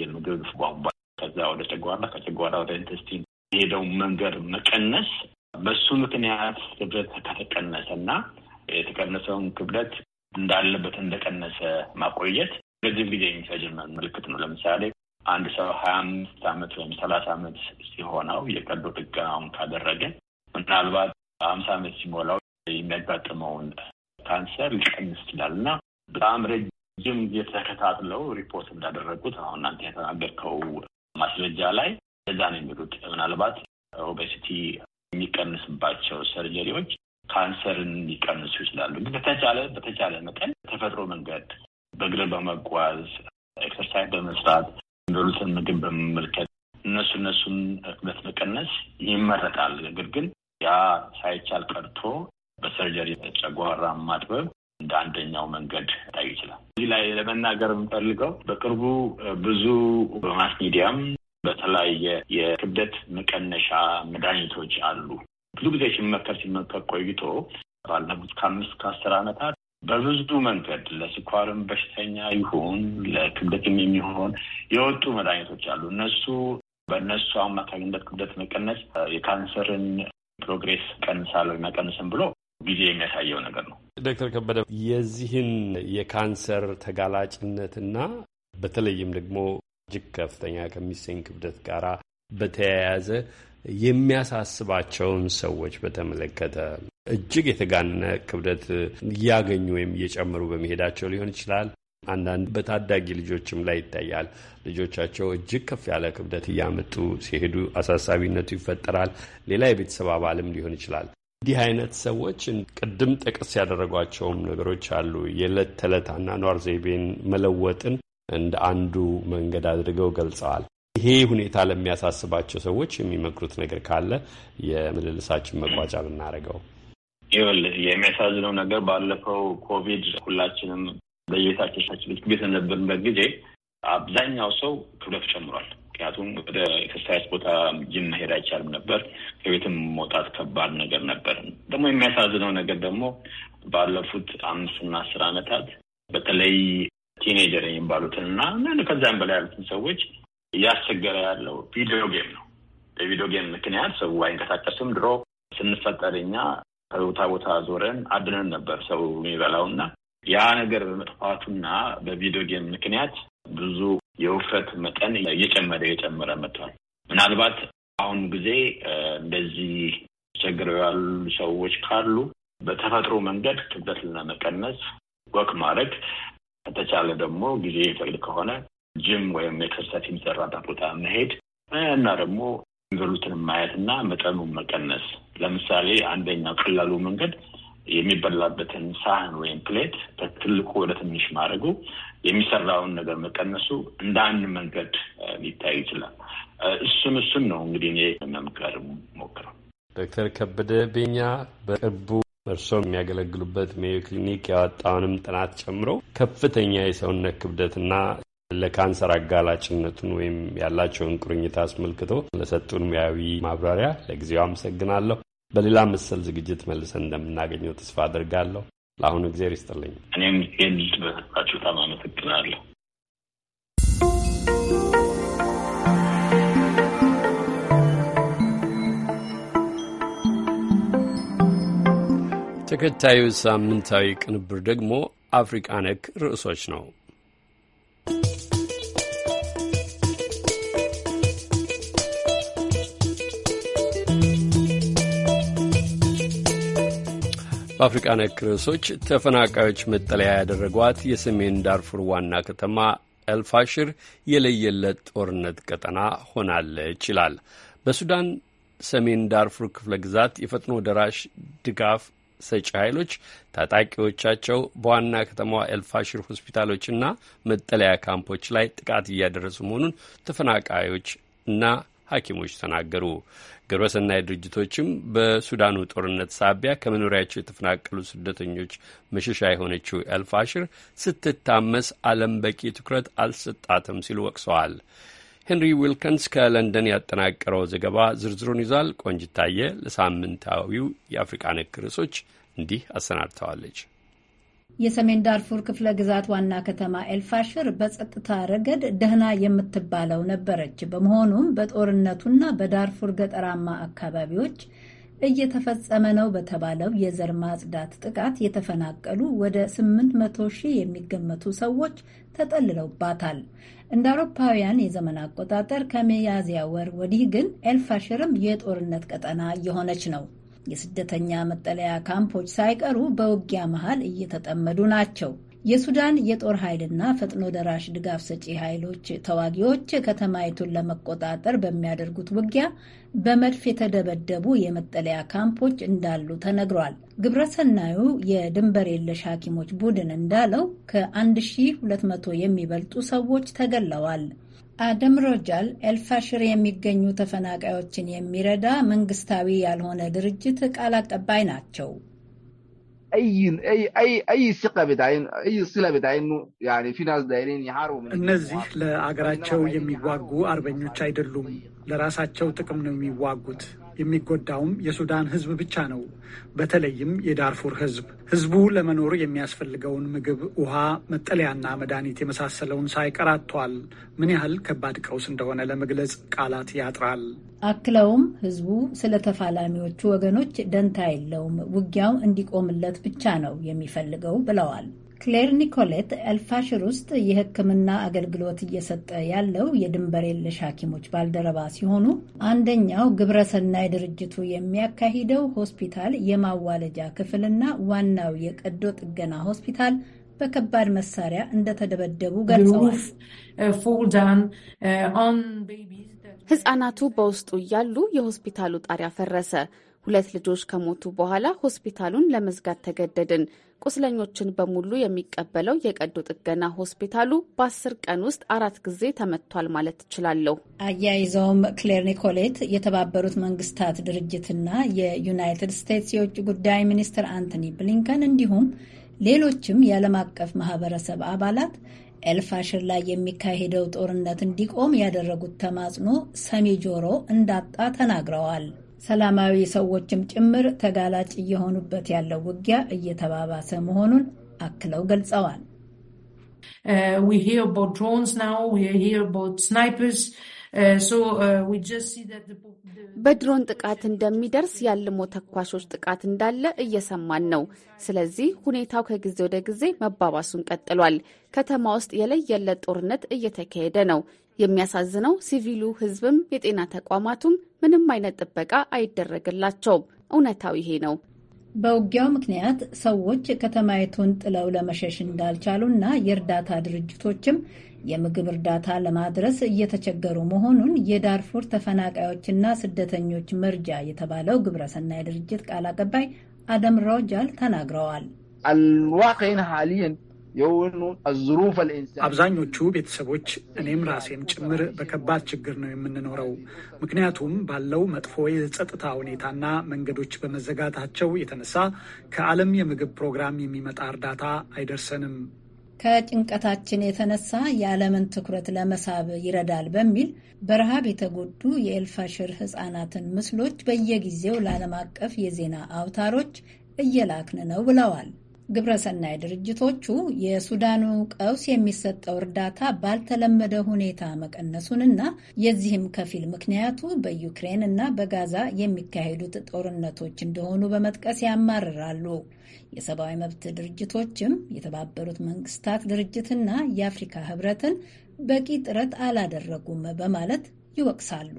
[SPEAKER 4] የምግብ ቧንቧ ከዛ ወደ ጨጓራ ከጨጓራ ወደ ኢንቴስቲን የሄደውን መንገድ መቀነስ በሱ ምክንያት ክብደት ከተቀነሰ እና የተቀነሰውን ክብደት እንዳለበት እንደቀነሰ ማቆየት ረጅም ጊዜ የሚፈጅም ምልክት ነው። ለምሳሌ አንድ ሰው ሀያ አምስት አመት ወይም ሰላሳ አመት ሲሆነው የቀዶ ጥገናውን ካደረገ ምናልባት ሀምሳ አመት ሲሞላው የሚያጋጥመውን ካንሰር ሊቀንስ ይችላል እና በጣም ረጅም የተከታትለው ሪፖርት እንዳደረጉት አሁን እናንተ የተናገርከው ማስረጃ ላይ እዛ ነው የሚሉት ምናልባት ኦቤሲቲ የሚቀንስባቸው ሰርጀሪዎች ካንሰርን ሊቀንሱ ይችላሉ። ግን በተቻለ በተቻለ መጠን ተፈጥሮ መንገድ በእግር በመጓዝ ኤክሰርሳይዝ በመስራት የሚበሉትን ምግብ በመመልከት እነሱ እነሱን ክብደት መቀነስ ይመረጣል። ነገር ግን ያ ሳይቻል ቀርቶ በሰርጀሪ ጨጓራ ማጥበብ እንደ አንደኛው መንገድ ታይ ይችላል። እዚህ ላይ ለመናገር የምፈልገው በቅርቡ ብዙ በማስ ሚዲያም በተለያየ የክብደት መቀነሻ መድኃኒቶች አሉ ብዙ ጊዜ ሲመከር ሲመከር ቆይቶ ባለፉት ከአምስት ከአስር ዓመታት በብዙ መንገድ ለስኳርም በሽተኛ ይሁን ለክብደትም የሚሆን የወጡ መድኃኒቶች አሉ። እነሱ በእነሱ አማካኝነት ክብደት መቀነስ የካንሰርን ፕሮግሬስ ቀንሳለሁ መቀንስም ብሎ ጊዜ የሚያሳየው ነገር ነው።
[SPEAKER 1] ዶክተር ከበደ የዚህን የካንሰር ተጋላጭነትና በተለይም ደግሞ እጅግ ከፍተኛ ከሚሰኝ ክብደት ጋር በተያያዘ የሚያሳስባቸውን ሰዎች በተመለከተ እጅግ የተጋነ ክብደት እያገኙ ወይም እየጨመሩ በመሄዳቸው ሊሆን ይችላል። አንዳንድ በታዳጊ ልጆችም ላይ ይታያል። ልጆቻቸው እጅግ ከፍ ያለ ክብደት እያመጡ ሲሄዱ አሳሳቢነቱ ይፈጠራል። ሌላ የቤተሰብ አባልም ሊሆን ይችላል። እንዲህ አይነት ሰዎች ቅድም ጠቀስ ያደረጓቸውም ነገሮች አሉ። የዕለት ተዕለት አኗኗር ዘይቤን መለወጥን እንደ አንዱ መንገድ አድርገው ገልጸዋል። ይሄ ሁኔታ ለሚያሳስባቸው ሰዎች የሚመክሩት ነገር ካለ የምልልሳችን መቋጫ ብናደርገው
[SPEAKER 4] ይኸውልህ የሚያሳዝነው ነገር ባለፈው ኮቪድ ሁላችንም በየቤታችን ቤት በነበርንበት ጊዜ አብዛኛው ሰው ክብደት ጨምሯል። ምክንያቱም ወደ ኤክሰርሳይዝ ቦታ ጅም መሄድ አይቻልም ነበር። ከቤትም መውጣት ከባድ ነገር ነበር። ደግሞ የሚያሳዝነው ነገር ደግሞ ባለፉት አምስትና አስር ዓመታት በተለይ ቲኔጀር የሚባሉትን እና ከዚያም በላይ ያሉትን ሰዎች እያስቸገረ ያለው ቪዲዮ ጌም ነው። በቪዲዮ ጌም ምክንያት ሰው አይንቀሳቀስም። ድሮ ስንፈጠር እኛ ከቦታ ቦታ ዞረን አድነን ነበር ሰው የሚበላው እና ያ ነገር በመጥፋቱና በቪዲዮ ጌም ምክንያት ብዙ የውፍረት መጠን እየጨመረ እየጨመረ መጥቷል። ምናልባት አሁን ጊዜ እንደዚህ ተቸግረው ያሉ ሰዎች ካሉ በተፈጥሮ መንገድ ክብደት ለመቀነስ ወክ ማድረግ ከተቻለ ደግሞ ጊዜ ይፈቅድ ከሆነ ጅም ወይም ኤክሰርሳይዝ የሚሰራበት ቦታ መሄድ እና ደግሞ ንገሉትን ማየት እና መጠኑን መቀነስ ለምሳሌ አንደኛው ቀላሉ መንገድ የሚበላበትን ሳህን ወይም ፕሌት ከትልቁ ወደ ትንሽ ማድረጉ የሚሰራውን ነገር መቀነሱ እንደ አንድ መንገድ ሊታይ ይችላል። እሱን እሱን ነው እንግዲህ እኔ መምከር ሞክረው።
[SPEAKER 1] ዶክተር ከበደ ቤኛ በቅርቡ እርስዎ የሚያገለግሉበት ሜዮ ክሊኒክ ያወጣውንም ጥናት ጨምሮ ከፍተኛ የሰውነት ክብደትና ለካንሰር አጋላጭነቱን ወይም ያላቸውን ቁርኝት አስመልክቶ ለሰጡን ሙያዊ ማብራሪያ ለጊዜው አመሰግናለሁ። በሌላ መሰል ዝግጅት መልሰን እንደምናገኘው ተስፋ አድርጋለሁ። ለአሁኑ እግዜር ይስጥልኝ።
[SPEAKER 4] እኔም ሚካኤል በሰጣችሁ በጣም አመሰግናለሁ።
[SPEAKER 1] ተከታዩ ሳምንታዊ ቅንብር ደግሞ አፍሪቃ ነክ ርዕሶች ነው። በአፍሪቃ ነክ ርዕሶች ተፈናቃዮች መጠለያ ያደረጓት የሰሜን ዳርፉር ዋና ከተማ ኤልፋሽር የለየለት ጦርነት ቀጠና ሆናለች ይላል በሱዳን ሰሜን ዳርፉር ክፍለ ግዛት የፈጥኖ ደራሽ ድጋፍ ሰጪ ኃይሎች ታጣቂዎቻቸው በዋና ከተማዋ ኤልፋሽር ሆስፒታሎችና መጠለያ ካምፖች ላይ ጥቃት እያደረሱ መሆኑን ተፈናቃዮች እና ሐኪሞች ተናገሩ። ግብረሰናይ ድርጅቶችም በሱዳኑ ጦርነት ሳቢያ ከመኖሪያቸው የተፈናቀሉ ስደተኞች መሸሻ የሆነችው ኤልፋሽር ስትታመስ ዓለም በቂ ትኩረት አልሰጣትም ሲሉ ወቅሰዋል። ሄንሪ ዊልከንስ ከለንደን ያጠናቀረው ዘገባ ዝርዝሩን ይዟል። ቆንጅታየ ለሳምንታዊው የአፍሪቃ ነክ ርዕሶች እንዲህ አሰናድተዋለች።
[SPEAKER 11] የሰሜን ዳርፉር ክፍለ ግዛት ዋና ከተማ ኤልፋሽር በጸጥታ ረገድ ደህና የምትባለው ነበረች። በመሆኑም በጦርነቱና በዳርፉር ገጠራማ አካባቢዎች እየተፈጸመ ነው በተባለው የዘር ማጽዳት ጥቃት የተፈናቀሉ ወደ 800 ሺህ የሚገመቱ ሰዎች ተጠልለውባታል። እንደ አውሮፓውያን የዘመን አቆጣጠር ከሚያዝያ ወር ወዲህ ግን ኤልፋሽርም የጦርነት ቀጠና እየሆነች ነው። የስደተኛ መጠለያ ካምፖች ሳይቀሩ በውጊያ መሃል እየተጠመዱ ናቸው። የሱዳን የጦር ኃይልና ፈጥኖ ደራሽ ድጋፍ ሰጪ ኃይሎች ተዋጊዎች ከተማይቱን ለመቆጣጠር በሚያደርጉት ውጊያ በመድፍ የተደበደቡ የመጠለያ ካምፖች እንዳሉ ተነግሯል። ግብረሰናዩ የድንበር የለሽ ሐኪሞች ቡድን እንዳለው ከ1200 የሚበልጡ ሰዎች ተገለዋል። አደም ሮጃል ኤልፋሽር የሚገኙ ተፈናቃዮችን የሚረዳ መንግስታዊ ያልሆነ ድርጅት ቃል አቀባይ ናቸው።
[SPEAKER 5] እነዚህ
[SPEAKER 10] ለአገራቸው የሚዋጉ አርበኞች አይደሉም። ለራሳቸው ጥቅም ነው የሚዋጉት። የሚጎዳውም የሱዳን ህዝብ ብቻ ነው። በተለይም የዳርፉር ህዝብ ህዝቡ ለመኖር የሚያስፈልገውን ምግብ፣ ውሃ፣ መጠለያና መድኃኒት የመሳሰለውን ሳይቀር አጥቷል። ምን ያህል ከባድ ቀውስ እንደሆነ ለመግለጽ ቃላት ያጥራል።
[SPEAKER 11] አክለውም ህዝቡ ስለ ተፋላሚዎቹ ወገኖች ደንታ የለውም፣ ውጊያው እንዲቆምለት ብቻ ነው የሚፈልገው ብለዋል። ክሌር ኒኮሌት ኤልፋሽር ውስጥ የሕክምና አገልግሎት እየሰጠ ያለው የድንበር የለሽ ሐኪሞች ባልደረባ ሲሆኑ አንደኛው ግብረሰናይ ድርጅቱ የሚያካሂደው ሆስፒታል የማዋለጃ ክፍልና ዋናው የቀዶ ጥገና ሆስፒታል በከባድ መሳሪያ
[SPEAKER 6] እንደተደበደቡ ገልጸዋል። uh, uh, ህጻናቱ በውስጡ እያሉ የሆስፒታሉ ጣሪያ ፈረሰ። ሁለት ልጆች ከሞቱ በኋላ ሆስፒታሉን ለመዝጋት ተገደድን። ቁስለኞችን በሙሉ የሚቀበለው የቀዶ ጥገና ሆስፒታሉ በአስር ቀን ውስጥ አራት ጊዜ ተመቷል ማለት እችላለሁ። አያይዘውም
[SPEAKER 11] ክሌር ኒኮሌት የተባበሩት መንግስታት ድርጅትና የዩናይትድ ስቴትስ የውጭ ጉዳይ ሚኒስትር አንቶኒ ብሊንከን እንዲሁም ሌሎችም የዓለም አቀፍ ማህበረሰብ አባላት ኤልፋሽር ላይ የሚካሄደው ጦርነት እንዲቆም ያደረጉት ተማጽኖ ሰሚ ጆሮ እንዳጣ ተናግረዋል። ሰላማዊ ሰዎችም ጭምር ተጋላጭ እየሆኑበት ያለው ውጊያ እየተባባሰ መሆኑን አክለው ገልጸዋል።
[SPEAKER 6] uh, uh, uh, በድሮን ጥቃት እንደሚደርስ ያልሞ ተኳሾች ጥቃት እንዳለ እየሰማን ነው። ስለዚህ ሁኔታው ከጊዜ ወደ ጊዜ መባባሱን ቀጥሏል። ከተማ ውስጥ የለየለት ጦርነት እየተካሄደ ነው። የሚያሳዝነው ሲቪሉ ህዝብም የጤና ተቋማቱም ምንም አይነት ጥበቃ አይደረግላቸውም። እውነታው ይሄ ነው።
[SPEAKER 11] በውጊያው ምክንያት ሰዎች ከተማይቱን ጥለው ለመሸሽ እንዳልቻሉና የእርዳታ ድርጅቶችም የምግብ እርዳታ ለማድረስ እየተቸገሩ መሆኑን የዳርፉር ተፈናቃዮችና ስደተኞች መርጃ የተባለው ግብረሰናይ ድርጅት ቃል አቀባይ አደም ሮጃል ተናግረዋል።
[SPEAKER 10] የሆኑ አብዛኞቹ ቤተሰቦች እኔም ራሴም ጭምር በከባድ ችግር ነው የምንኖረው። ምክንያቱም ባለው መጥፎ የጸጥታ ሁኔታና መንገዶች በመዘጋታቸው የተነሳ ከዓለም የምግብ ፕሮግራም የሚመጣ እርዳታ አይደርሰንም።
[SPEAKER 11] ከጭንቀታችን የተነሳ የዓለምን ትኩረት ለመሳብ ይረዳል በሚል በረሃብ የተጎዱ የኤልፋሽር ሕፃናትን ምስሎች በየጊዜው ለዓለም አቀፍ የዜና አውታሮች እየላክን ነው ብለዋል። ግብረሰናይ ድርጅቶቹ የሱዳኑ ቀውስ የሚሰጠው እርዳታ ባልተለመደ ሁኔታ መቀነሱንና የዚህም ከፊል ምክንያቱ በዩክሬን እና በጋዛ የሚካሄዱት ጦርነቶች እንደሆኑ በመጥቀስ ያማርራሉ። የሰብአዊ መብት ድርጅቶችም የተባበሩት መንግስታት ድርጅትና የአፍሪካ ህብረትን በቂ ጥረት አላደረጉም በማለት ይወቅሳሉ።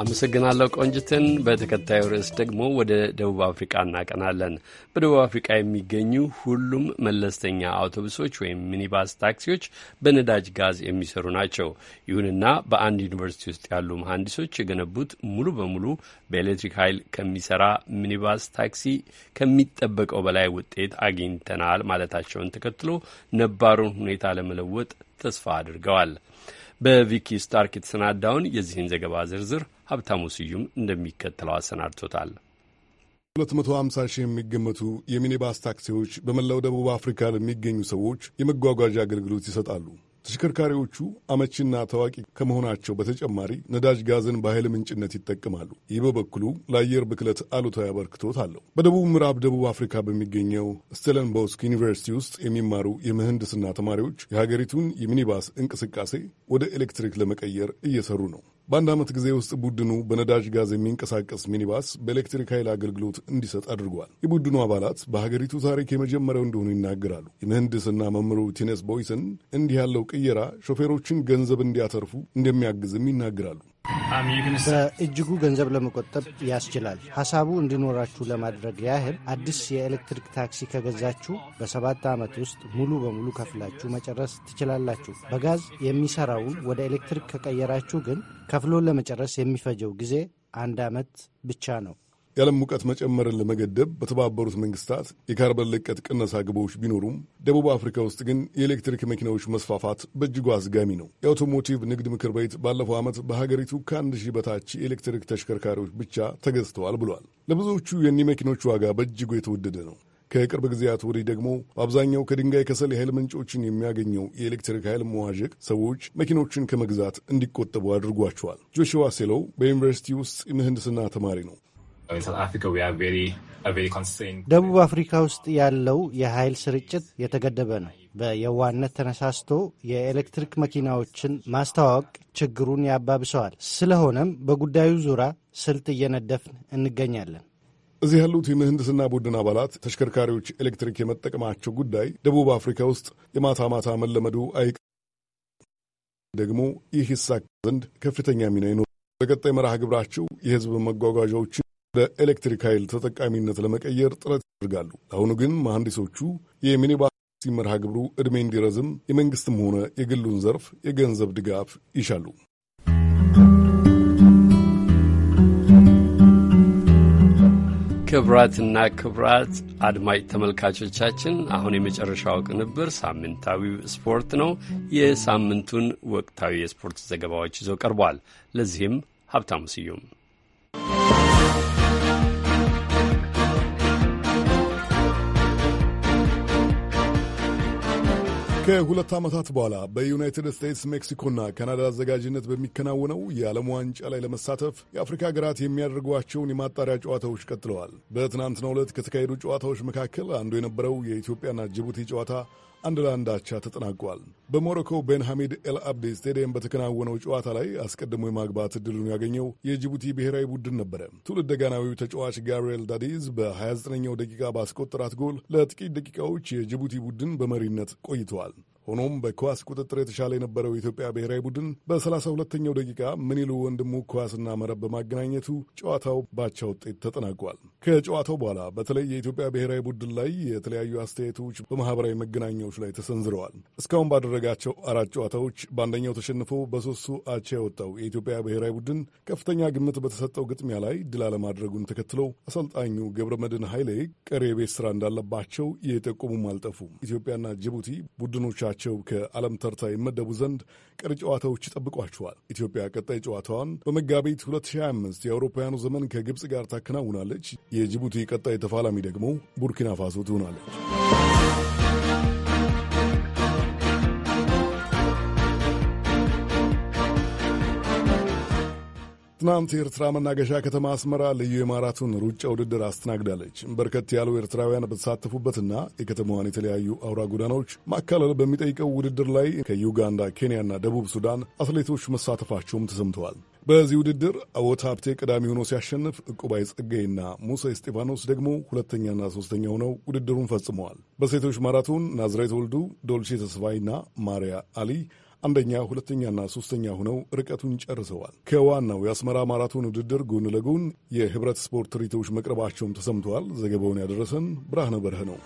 [SPEAKER 1] አመሰግናለሁ ቆንጅትን። በተከታዩ ርዕስ ደግሞ ወደ ደቡብ አፍሪቃ እናቀናለን። በደቡብ አፍሪቃ የሚገኙ ሁሉም መለስተኛ አውቶቡሶች ወይም ሚኒባስ ታክሲዎች በነዳጅ ጋዝ የሚሰሩ ናቸው። ይሁንና በአንድ ዩኒቨርሲቲ ውስጥ ያሉ መሐንዲሶች የገነቡት ሙሉ በሙሉ በኤሌክትሪክ ኃይል ከሚሰራ ሚኒባስ ታክሲ ከሚጠበቀው በላይ ውጤት አግኝተናል ማለታቸውን ተከትሎ ነባሩን ሁኔታ ለመለወጥ ተስፋ አድርገዋል። በቪኪ ስታርክ የተሰናዳውን የዚህን ዘገባ ዝርዝር ሀብታሙ ስዩም እንደሚከተለው አሰናድቶታል።
[SPEAKER 7] 250 ሺህ የሚገመቱ የሚኒባስ ታክሲዎች በመላው ደቡብ አፍሪካ ለሚገኙ ሰዎች የመጓጓዣ አገልግሎት ይሰጣሉ። ተሽከርካሪዎቹ አመቺና ታዋቂ ከመሆናቸው በተጨማሪ ነዳጅ ጋዝን በኃይል ምንጭነት ይጠቀማሉ። ይህ በበኩሉ ለአየር ብክለት አሉታዊ አበርክቶት አለው። በደቡብ ምዕራብ ደቡብ አፍሪካ በሚገኘው ስተለንቦስክ ዩኒቨርሲቲ ውስጥ የሚማሩ የምህንድስና ተማሪዎች የሀገሪቱን የሚኒባስ እንቅስቃሴ ወደ ኤሌክትሪክ ለመቀየር እየሰሩ ነው። በአንድ ዓመት ጊዜ ውስጥ ቡድኑ በነዳጅ ጋዝ የሚንቀሳቀስ ሚኒባስ በኤሌክትሪክ ኃይል አገልግሎት እንዲሰጥ አድርጓል። የቡድኑ አባላት በሀገሪቱ ታሪክ የመጀመሪያው እንደሆኑ ይናገራሉ። የምህንድስና መምህሩ ቲነስ ቦይስን እንዲህ ያለው ቅየራ ሾፌሮችን ገንዘብ እንዲያተርፉ እንደሚያግዝም ይናገራሉ። በእጅጉ ገንዘብ ለመቆጠብ ያስችላል። ሀሳቡ እንዲኖራችሁ ለማድረግ ያህል አዲስ
[SPEAKER 8] የኤሌክትሪክ ታክሲ ከገዛችሁ በሰባት ዓመት ውስጥ ሙሉ በሙሉ ከፍላችሁ መጨረስ ትችላላችሁ። በጋዝ የሚሰራውን ወደ ኤሌክትሪክ ከቀየራችሁ ግን ከፍሎ ለመጨረስ የሚፈጀው ጊዜ አንድ
[SPEAKER 7] ዓመት ብቻ ነው። የዓለም ሙቀት መጨመርን ለመገደብ በተባበሩት መንግስታት የካርበን ልቀት ቅነሳ ግቦች ቢኖሩም ደቡብ አፍሪካ ውስጥ ግን የኤሌክትሪክ መኪናዎች መስፋፋት በእጅጉ አዝጋሚ ነው። የአውቶሞቲቭ ንግድ ምክር ቤት ባለፈው ዓመት በሀገሪቱ ከአንድ ሺህ በታች የኤሌክትሪክ ተሽከርካሪዎች ብቻ ተገዝተዋል ብሏል። ለብዙዎቹ የኒህ መኪኖች ዋጋ በእጅጉ የተወደደ ነው። ከቅርብ ጊዜያት ወዲህ ደግሞ በአብዛኛው ከድንጋይ ከሰል የኃይል ምንጮችን የሚያገኘው የኤሌክትሪክ ኃይል መዋዠቅ ሰዎች መኪኖችን ከመግዛት እንዲቆጠቡ አድርጓቸዋል። ጆሽዋ ሴሎው በዩኒቨርሲቲ ውስጥ ምህንድስና ተማሪ ነው። ደቡብ አፍሪካ ውስጥ ያለው የኃይል ስርጭት የተገደበ ነው። በየዋነት ተነሳስቶ
[SPEAKER 8] የኤሌክትሪክ መኪናዎችን ማስተዋወቅ ችግሩን ያባብሰዋል። ስለሆነም
[SPEAKER 7] በጉዳዩ ዙሪያ ስልት እየነደፍን እንገኛለን። እዚህ ያሉት የምህንድስና ቡድን አባላት ተሽከርካሪዎች ኤሌክትሪክ የመጠቀማቸው ጉዳይ ደቡብ አፍሪካ ውስጥ የማታ ማታ መለመዱ አይቀ ደግሞ ይህ ይሳካ ዘንድ ከፍተኛ ሚና ይኖራል። በቀጣይ መርሃ ግብራቸው የህዝብ መጓጓዣዎችን በኤሌክትሪክ ኃይል ተጠቃሚነት ለመቀየር ጥረት ያደርጋሉ። አሁኑ ግን መሐንዲሶቹ የሚኒባስ መርሃ ግብሩ ዕድሜ እንዲረዝም የመንግስትም ሆነ የግሉን ዘርፍ የገንዘብ ድጋፍ ይሻሉ። ክብራትና ክብራት
[SPEAKER 1] አድማጭ ተመልካቾቻችን፣ አሁን የመጨረሻው ቅንብር ሳምንታዊው ስፖርት ነው። የሳምንቱን ወቅታዊ የስፖርት ዘገባዎች ይዞ ቀርቧል። ለዚህም ሀብታሙ ስዩም
[SPEAKER 7] ከሁለት ዓመታት በኋላ በዩናይትድ ስቴትስ ሜክሲኮና ካናዳ አዘጋጅነት በሚከናወነው የዓለም ዋንጫ ላይ ለመሳተፍ የአፍሪካ ሀገራት የሚያደርጓቸውን የማጣሪያ ጨዋታዎች ቀጥለዋል። በትናንትናው ዕለት ከተካሄዱ ጨዋታዎች መካከል አንዱ የነበረው የኢትዮጵያና ጅቡቲ ጨዋታ አንድ ለአንድ አቻ ተጠናቋል። በሞሮኮ ቤን ሐሚድ ኤል አብዲ ስቴዲየም በተከናወነው ጨዋታ ላይ አስቀድሞ የማግባት እድሉን ያገኘው የጅቡቲ ብሔራዊ ቡድን ነበረ። ትውልድ ጋናዊው ተጫዋች ጋብርኤል ዳዲዝ በ29ኛው ደቂቃ ባስቆጠራት ጎል ለጥቂት ደቂቃዎች የጅቡቲ ቡድን በመሪነት ቆይተዋል። ሆኖም በኳስ ቁጥጥር የተሻለ የነበረው የኢትዮጵያ ብሔራዊ ቡድን በሰላሳ ሁለተኛው ደቂቃ ምንይሉ ወንድሙ ኳስና መረብ በማገናኘቱ ጨዋታው ባቻ ውጤት ተጠናቋል። ከጨዋታው በኋላ በተለይ የኢትዮጵያ ብሔራዊ ቡድን ላይ የተለያዩ አስተያየቶች በማህበራዊ መገናኛዎች ላይ ተሰንዝረዋል። እስካሁን ባደረጋቸው አራት ጨዋታዎች በአንደኛው ተሸንፎ በሶስቱ አቻ የወጣው የኢትዮጵያ ብሔራዊ ቡድን ከፍተኛ ግምት በተሰጠው ግጥሚያ ላይ ድል አለማድረጉን ተከትሎ አሰልጣኙ ገብረ መድን ኃይሌ ቀሪ የቤት ስራ እንዳለባቸው የጠቁሙም አልጠፉም። ኢትዮጵያና ጅቡቲ ቡድኖቻ በመሆናቸው ከዓለም ተርታ ይመደቡ ዘንድ ቀሪ ጨዋታዎች ይጠብቋቸዋል። ኢትዮጵያ ቀጣይ ጨዋታዋን በመጋቢት 2025 የአውሮፓውያኑ ዘመን ከግብፅ ጋር ታከናውናለች። የጅቡቲ ቀጣይ ተፋላሚ ደግሞ ቡርኪና ፋሶ ትሆናለች። ትናንት የኤርትራ መናገሻ ከተማ አስመራ ልዩ የማራቶን ሩጫ ውድድር አስተናግዳለች። በርከት ያሉ ኤርትራውያን በተሳተፉበትና የከተማዋን የተለያዩ አውራ ጎዳናዎች ማካለል በሚጠይቀው ውድድር ላይ ከዩጋንዳ፣ ኬንያና ደቡብ ሱዳን አትሌቶች መሳተፋቸውም ተሰምተዋል። በዚህ ውድድር አወት ሀብቴ ቀዳሚ ሆኖ ሲያሸንፍ፣ ዕቁባይ ጸጋይና ሙሳ እስጢፋኖስ ደግሞ ሁለተኛና ሦስተኛ ሆነው ውድድሩን ፈጽመዋል። በሴቶች ማራቶን ናዝሬት ወልዱ፣ ዶልቼ ተስፋይና ማሪያ አሊ አንደኛ፣ ሁለተኛና ሶስተኛ ሆነው ርቀቱን ጨርሰዋል። ከዋናው የአስመራ ማራቶን ውድድር ጎን ለጎን የህብረት ስፖርት ትርኢቶች መቅረባቸውም ተሰምተዋል። ዘገባውን ያደረሰን ብርሃነ በርህ ነው።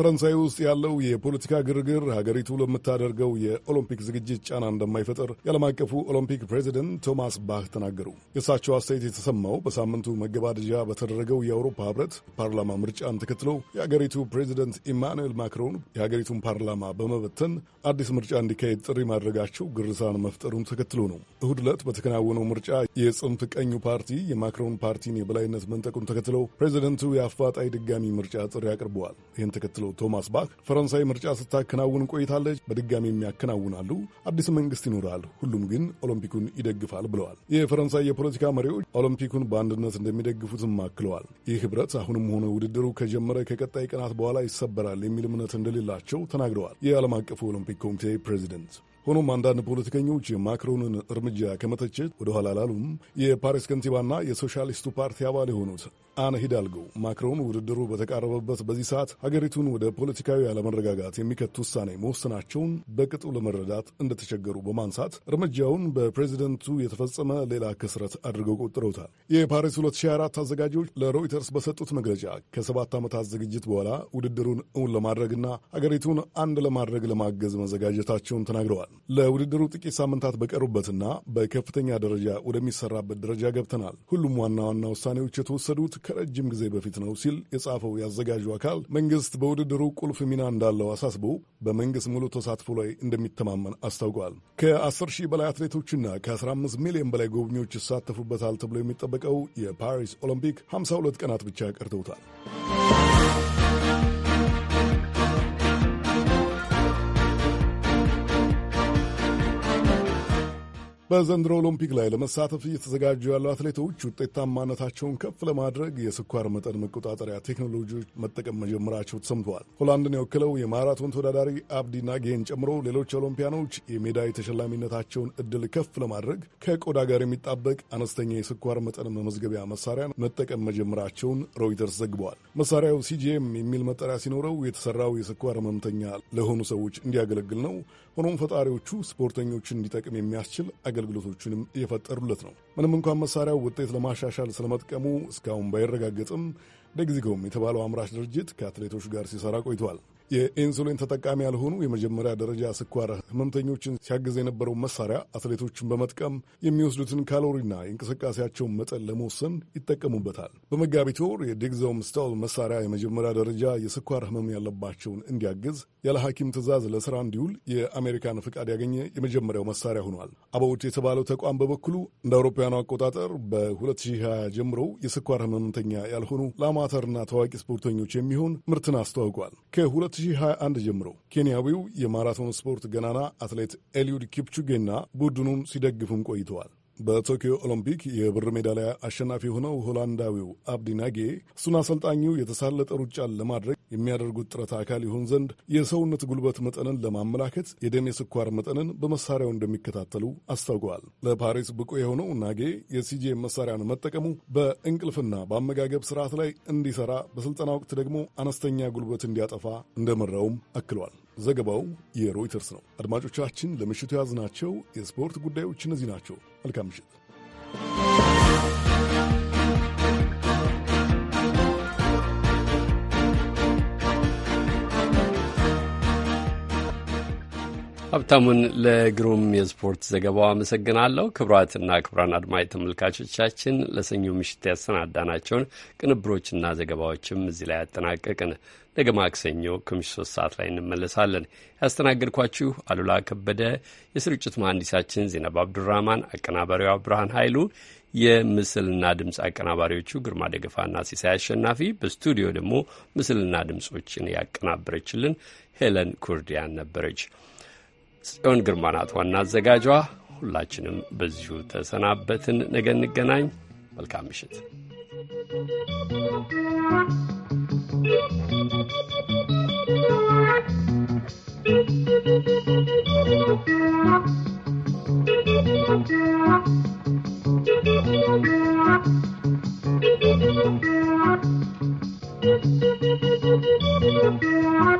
[SPEAKER 7] ፈረንሳይ ውስጥ ያለው የፖለቲካ ግርግር ሀገሪቱ ለምታደርገው የኦሎምፒክ ዝግጅት ጫና እንደማይፈጥር የዓለም አቀፉ ኦሎምፒክ ፕሬዚደንት ቶማስ ባህ ተናገሩ። የእሳቸው አስተያየት የተሰማው በሳምንቱ መገባደጃ በተደረገው የአውሮፓ ህብረት ፓርላማ ምርጫን ተከትሎ የሀገሪቱ ፕሬዚደንት ኢማኑኤል ማክሮን የሀገሪቱን ፓርላማ በመበተን አዲስ ምርጫ እንዲካሄድ ጥሪ ማድረጋቸው ግርሳን መፍጠሩን ተከትሎ ነው። እሁድ ዕለት በተከናወነው ምርጫ የጽንፍ ቀኙ ፓርቲ የማክሮን ፓርቲን የበላይነት መንጠቁን ተከትለው ፕሬዚደንቱ የአፋጣኝ ድጋሚ ምርጫ ጥሪ አቅርበዋል። ይህን ተከትሎ ቶማስ ባክ ፈረንሳይ ምርጫ ስታከናውን ቆይታለች፣ በድጋሚ የሚያከናውናሉ፣ አዲስ መንግስት ይኖራል፣ ሁሉም ግን ኦሎምፒኩን ይደግፋል ብለዋል። የፈረንሳይ የፖለቲካ መሪዎች ኦሎምፒኩን በአንድነት እንደሚደግፉትም አክለዋል። ይህ ህብረት አሁንም ሆነ ውድድሩ ከጀመረ ከቀጣይ ቀናት በኋላ ይሰበራል የሚል እምነት እንደሌላቸው ተናግረዋል። የዓለም አቀፉ ኦሎምፒክ ኮሚቴ ፕሬዚደንት ሆኖም አንዳንድ ፖለቲከኞች የማክሮንን እርምጃ ከመተቸት ወደኋላ አላሉም። የፓሪስ ከንቲባና የሶሻሊስቱ ፓርቲ አባል የሆኑት አነ ሂዳልጎ ማክሮን ውድድሩ በተቃረበበት በዚህ ሰዓት ሀገሪቱን ወደ ፖለቲካዊ አለመረጋጋት የሚከት ውሳኔ መወሰናቸውን በቅጡ ለመረዳት እንደተቸገሩ በማንሳት እርምጃውን በፕሬዚደንቱ የተፈጸመ ሌላ ክስረት አድርገው ቆጥረውታል። የፓሪስ 2024 አዘጋጆች ለሮይተርስ በሰጡት መግለጫ ከሰባት ዓመታት ዝግጅት በኋላ ውድድሩን እውን ለማድረግና ሀገሪቱን አንድ ለማድረግ ለማገዝ መዘጋጀታቸውን ተናግረዋል። ለውድድሩ ጥቂት ሳምንታት በቀሩበትና በከፍተኛ ደረጃ ወደሚሰራበት ደረጃ ገብተናል። ሁሉም ዋና ዋና ውሳኔዎች የተወሰዱት ከረጅም ጊዜ በፊት ነው ሲል የጻፈው ያዘጋጁ አካል መንግስት በውድድሩ ቁልፍ ሚና እንዳለው አሳስቦ በመንግስት ሙሉ ተሳትፎ ላይ እንደሚተማመን አስታውቋል። ከ10 ሺህ በላይ አትሌቶችና ከ15 ሚሊዮን በላይ ጎብኚዎች ይሳተፉበታል ተብሎ የሚጠበቀው የፓሪስ ኦሎምፒክ 52 ቀናት ብቻ ቀርተውታል። በዘንድሮ ኦሎምፒክ ላይ ለመሳተፍ እየተዘጋጁ ያሉ አትሌቶች ውጤታማነታቸውን ከፍ ለማድረግ የስኳር መጠን መቆጣጠሪያ ቴክኖሎጂዎች መጠቀም መጀመራቸው ተሰምተዋል። ሆላንድን የወክለው የማራቶን ተወዳዳሪ አብዲ ናጌን ጨምሮ ሌሎች ኦሎምፒያኖች የሜዳ የተሸላሚነታቸውን እድል ከፍ ለማድረግ ከቆዳ ጋር የሚጣበቅ አነስተኛ የስኳር መጠን መመዝገቢያ መሳሪያ መጠቀም መጀመራቸውን ሮይተርስ ዘግበዋል። መሳሪያው ሲጂኤም የሚል መጠሪያ ሲኖረው የተሰራው የስኳር ህመምተኛ ለሆኑ ሰዎች እንዲያገለግል ነው። ሆኖም ፈጣሪዎቹ ስፖርተኞችን እንዲጠቅም የሚያስችል አገልግሎቶችንም እየፈጠሩለት ነው። ምንም እንኳን መሳሪያው ውጤት ለማሻሻል ስለመጥቀሙ እስካሁን ባይረጋገጥም፣ ደግዚጎም የተባለው አምራች ድርጅት ከአትሌቶች ጋር ሲሰራ ቆይቷል። የኢንሱሊን ተጠቃሚ ያልሆኑ የመጀመሪያ ደረጃ ስኳር ህመምተኞችን ሲያግዝ የነበረው መሳሪያ አትሌቶችን በመጥቀም የሚወስዱትን ካሎሪና የእንቅስቃሴያቸውን መጠን ለመወሰን ይጠቀሙበታል። በመጋቢት ወር የዲግዞም ስታውል መሳሪያ የመጀመሪያ ደረጃ የስኳር ህመም ያለባቸውን እንዲያግዝ ያለ ሐኪም ትእዛዝ ለስራ እንዲውል የአሜሪካን ፍቃድ ያገኘ የመጀመሪያው መሳሪያ ሆኗል። አበውት የተባለው ተቋም በበኩሉ እንደ አውሮፓውያኑ አቆጣጠር በ2020 ጀምሮ የስኳር ህመምተኛ ያልሆኑ ለአማተርና ታዋቂ ስፖርተኞች የሚሆን ምርትን አስተዋውቋል። ከ2 2021 ጀምሮ ኬንያዊው የማራቶን ስፖርት ገናና አትሌት ኤልዩድ ኪፕቹጌና ቡድኑን ሲደግፉም ቆይተዋል። በቶኪዮ ኦሎምፒክ የብር ሜዳሊያ አሸናፊ የሆነው ሆላንዳዊው አብዲ ናጌ እሱን አሰልጣኙ የተሳለጠ ሩጫን ለማድረግ የሚያደርጉት ጥረት አካል ይሆን ዘንድ የሰውነት ጉልበት መጠንን ለማመላከት የደም የስኳር መጠንን በመሳሪያው እንደሚከታተሉ አስታውቀዋል። ለፓሪስ ብቁ የሆነው ናጌ የሲጂኤም መሳሪያን መጠቀሙ በእንቅልፍና በአመጋገብ ስርዓት ላይ እንዲሰራ፣ በስልጠና ወቅት ደግሞ አነስተኛ ጉልበት እንዲያጠፋ እንደመራውም አክሏል። ዘገባው የሮይተርስ ነው። አድማጮቻችን፣ ለምሽቱ የያዝናቸው የስፖርት ጉዳዮች እነዚህ ናቸው። መልካም ምሽት።
[SPEAKER 1] ሀብታሙን ለግሩም የስፖርት ዘገባው አመሰግናለሁ። ክቡራትና ክቡራን አድማጭ ተመልካቾቻችን ለሰኞ ምሽት ያሰናዳናቸውን ቅንብሮችና ዘገባዎችም እዚህ ላይ አጠናቀቅን ነገ ማክሰኞ ከምሽቱ ሶስት ሰዓት ላይ እንመለሳለን። ያስተናገድኳችሁ አሉላ ከበደ፣ የስርጭት መሐንዲሳችን ዜናብ አብዱራህማን፣ አቀናባሪዋ ብርሃን ኃይሉ፣ የምስልና ድምፅ አቀናባሪዎቹ ግርማ ደገፋና ሲሳይ አሸናፊ፣ በስቱዲዮ ደግሞ ምስልና ድምፆችን ያቀናበረችልን ሄለን ኩርዲያን ነበረች። ጽዮን ግርማ ናት ዋና አዘጋጇ። ሁላችንም በዚሁ ተሰናበትን። ነገ እንገናኝ። መልካም ምሽት።
[SPEAKER 2] Thank you.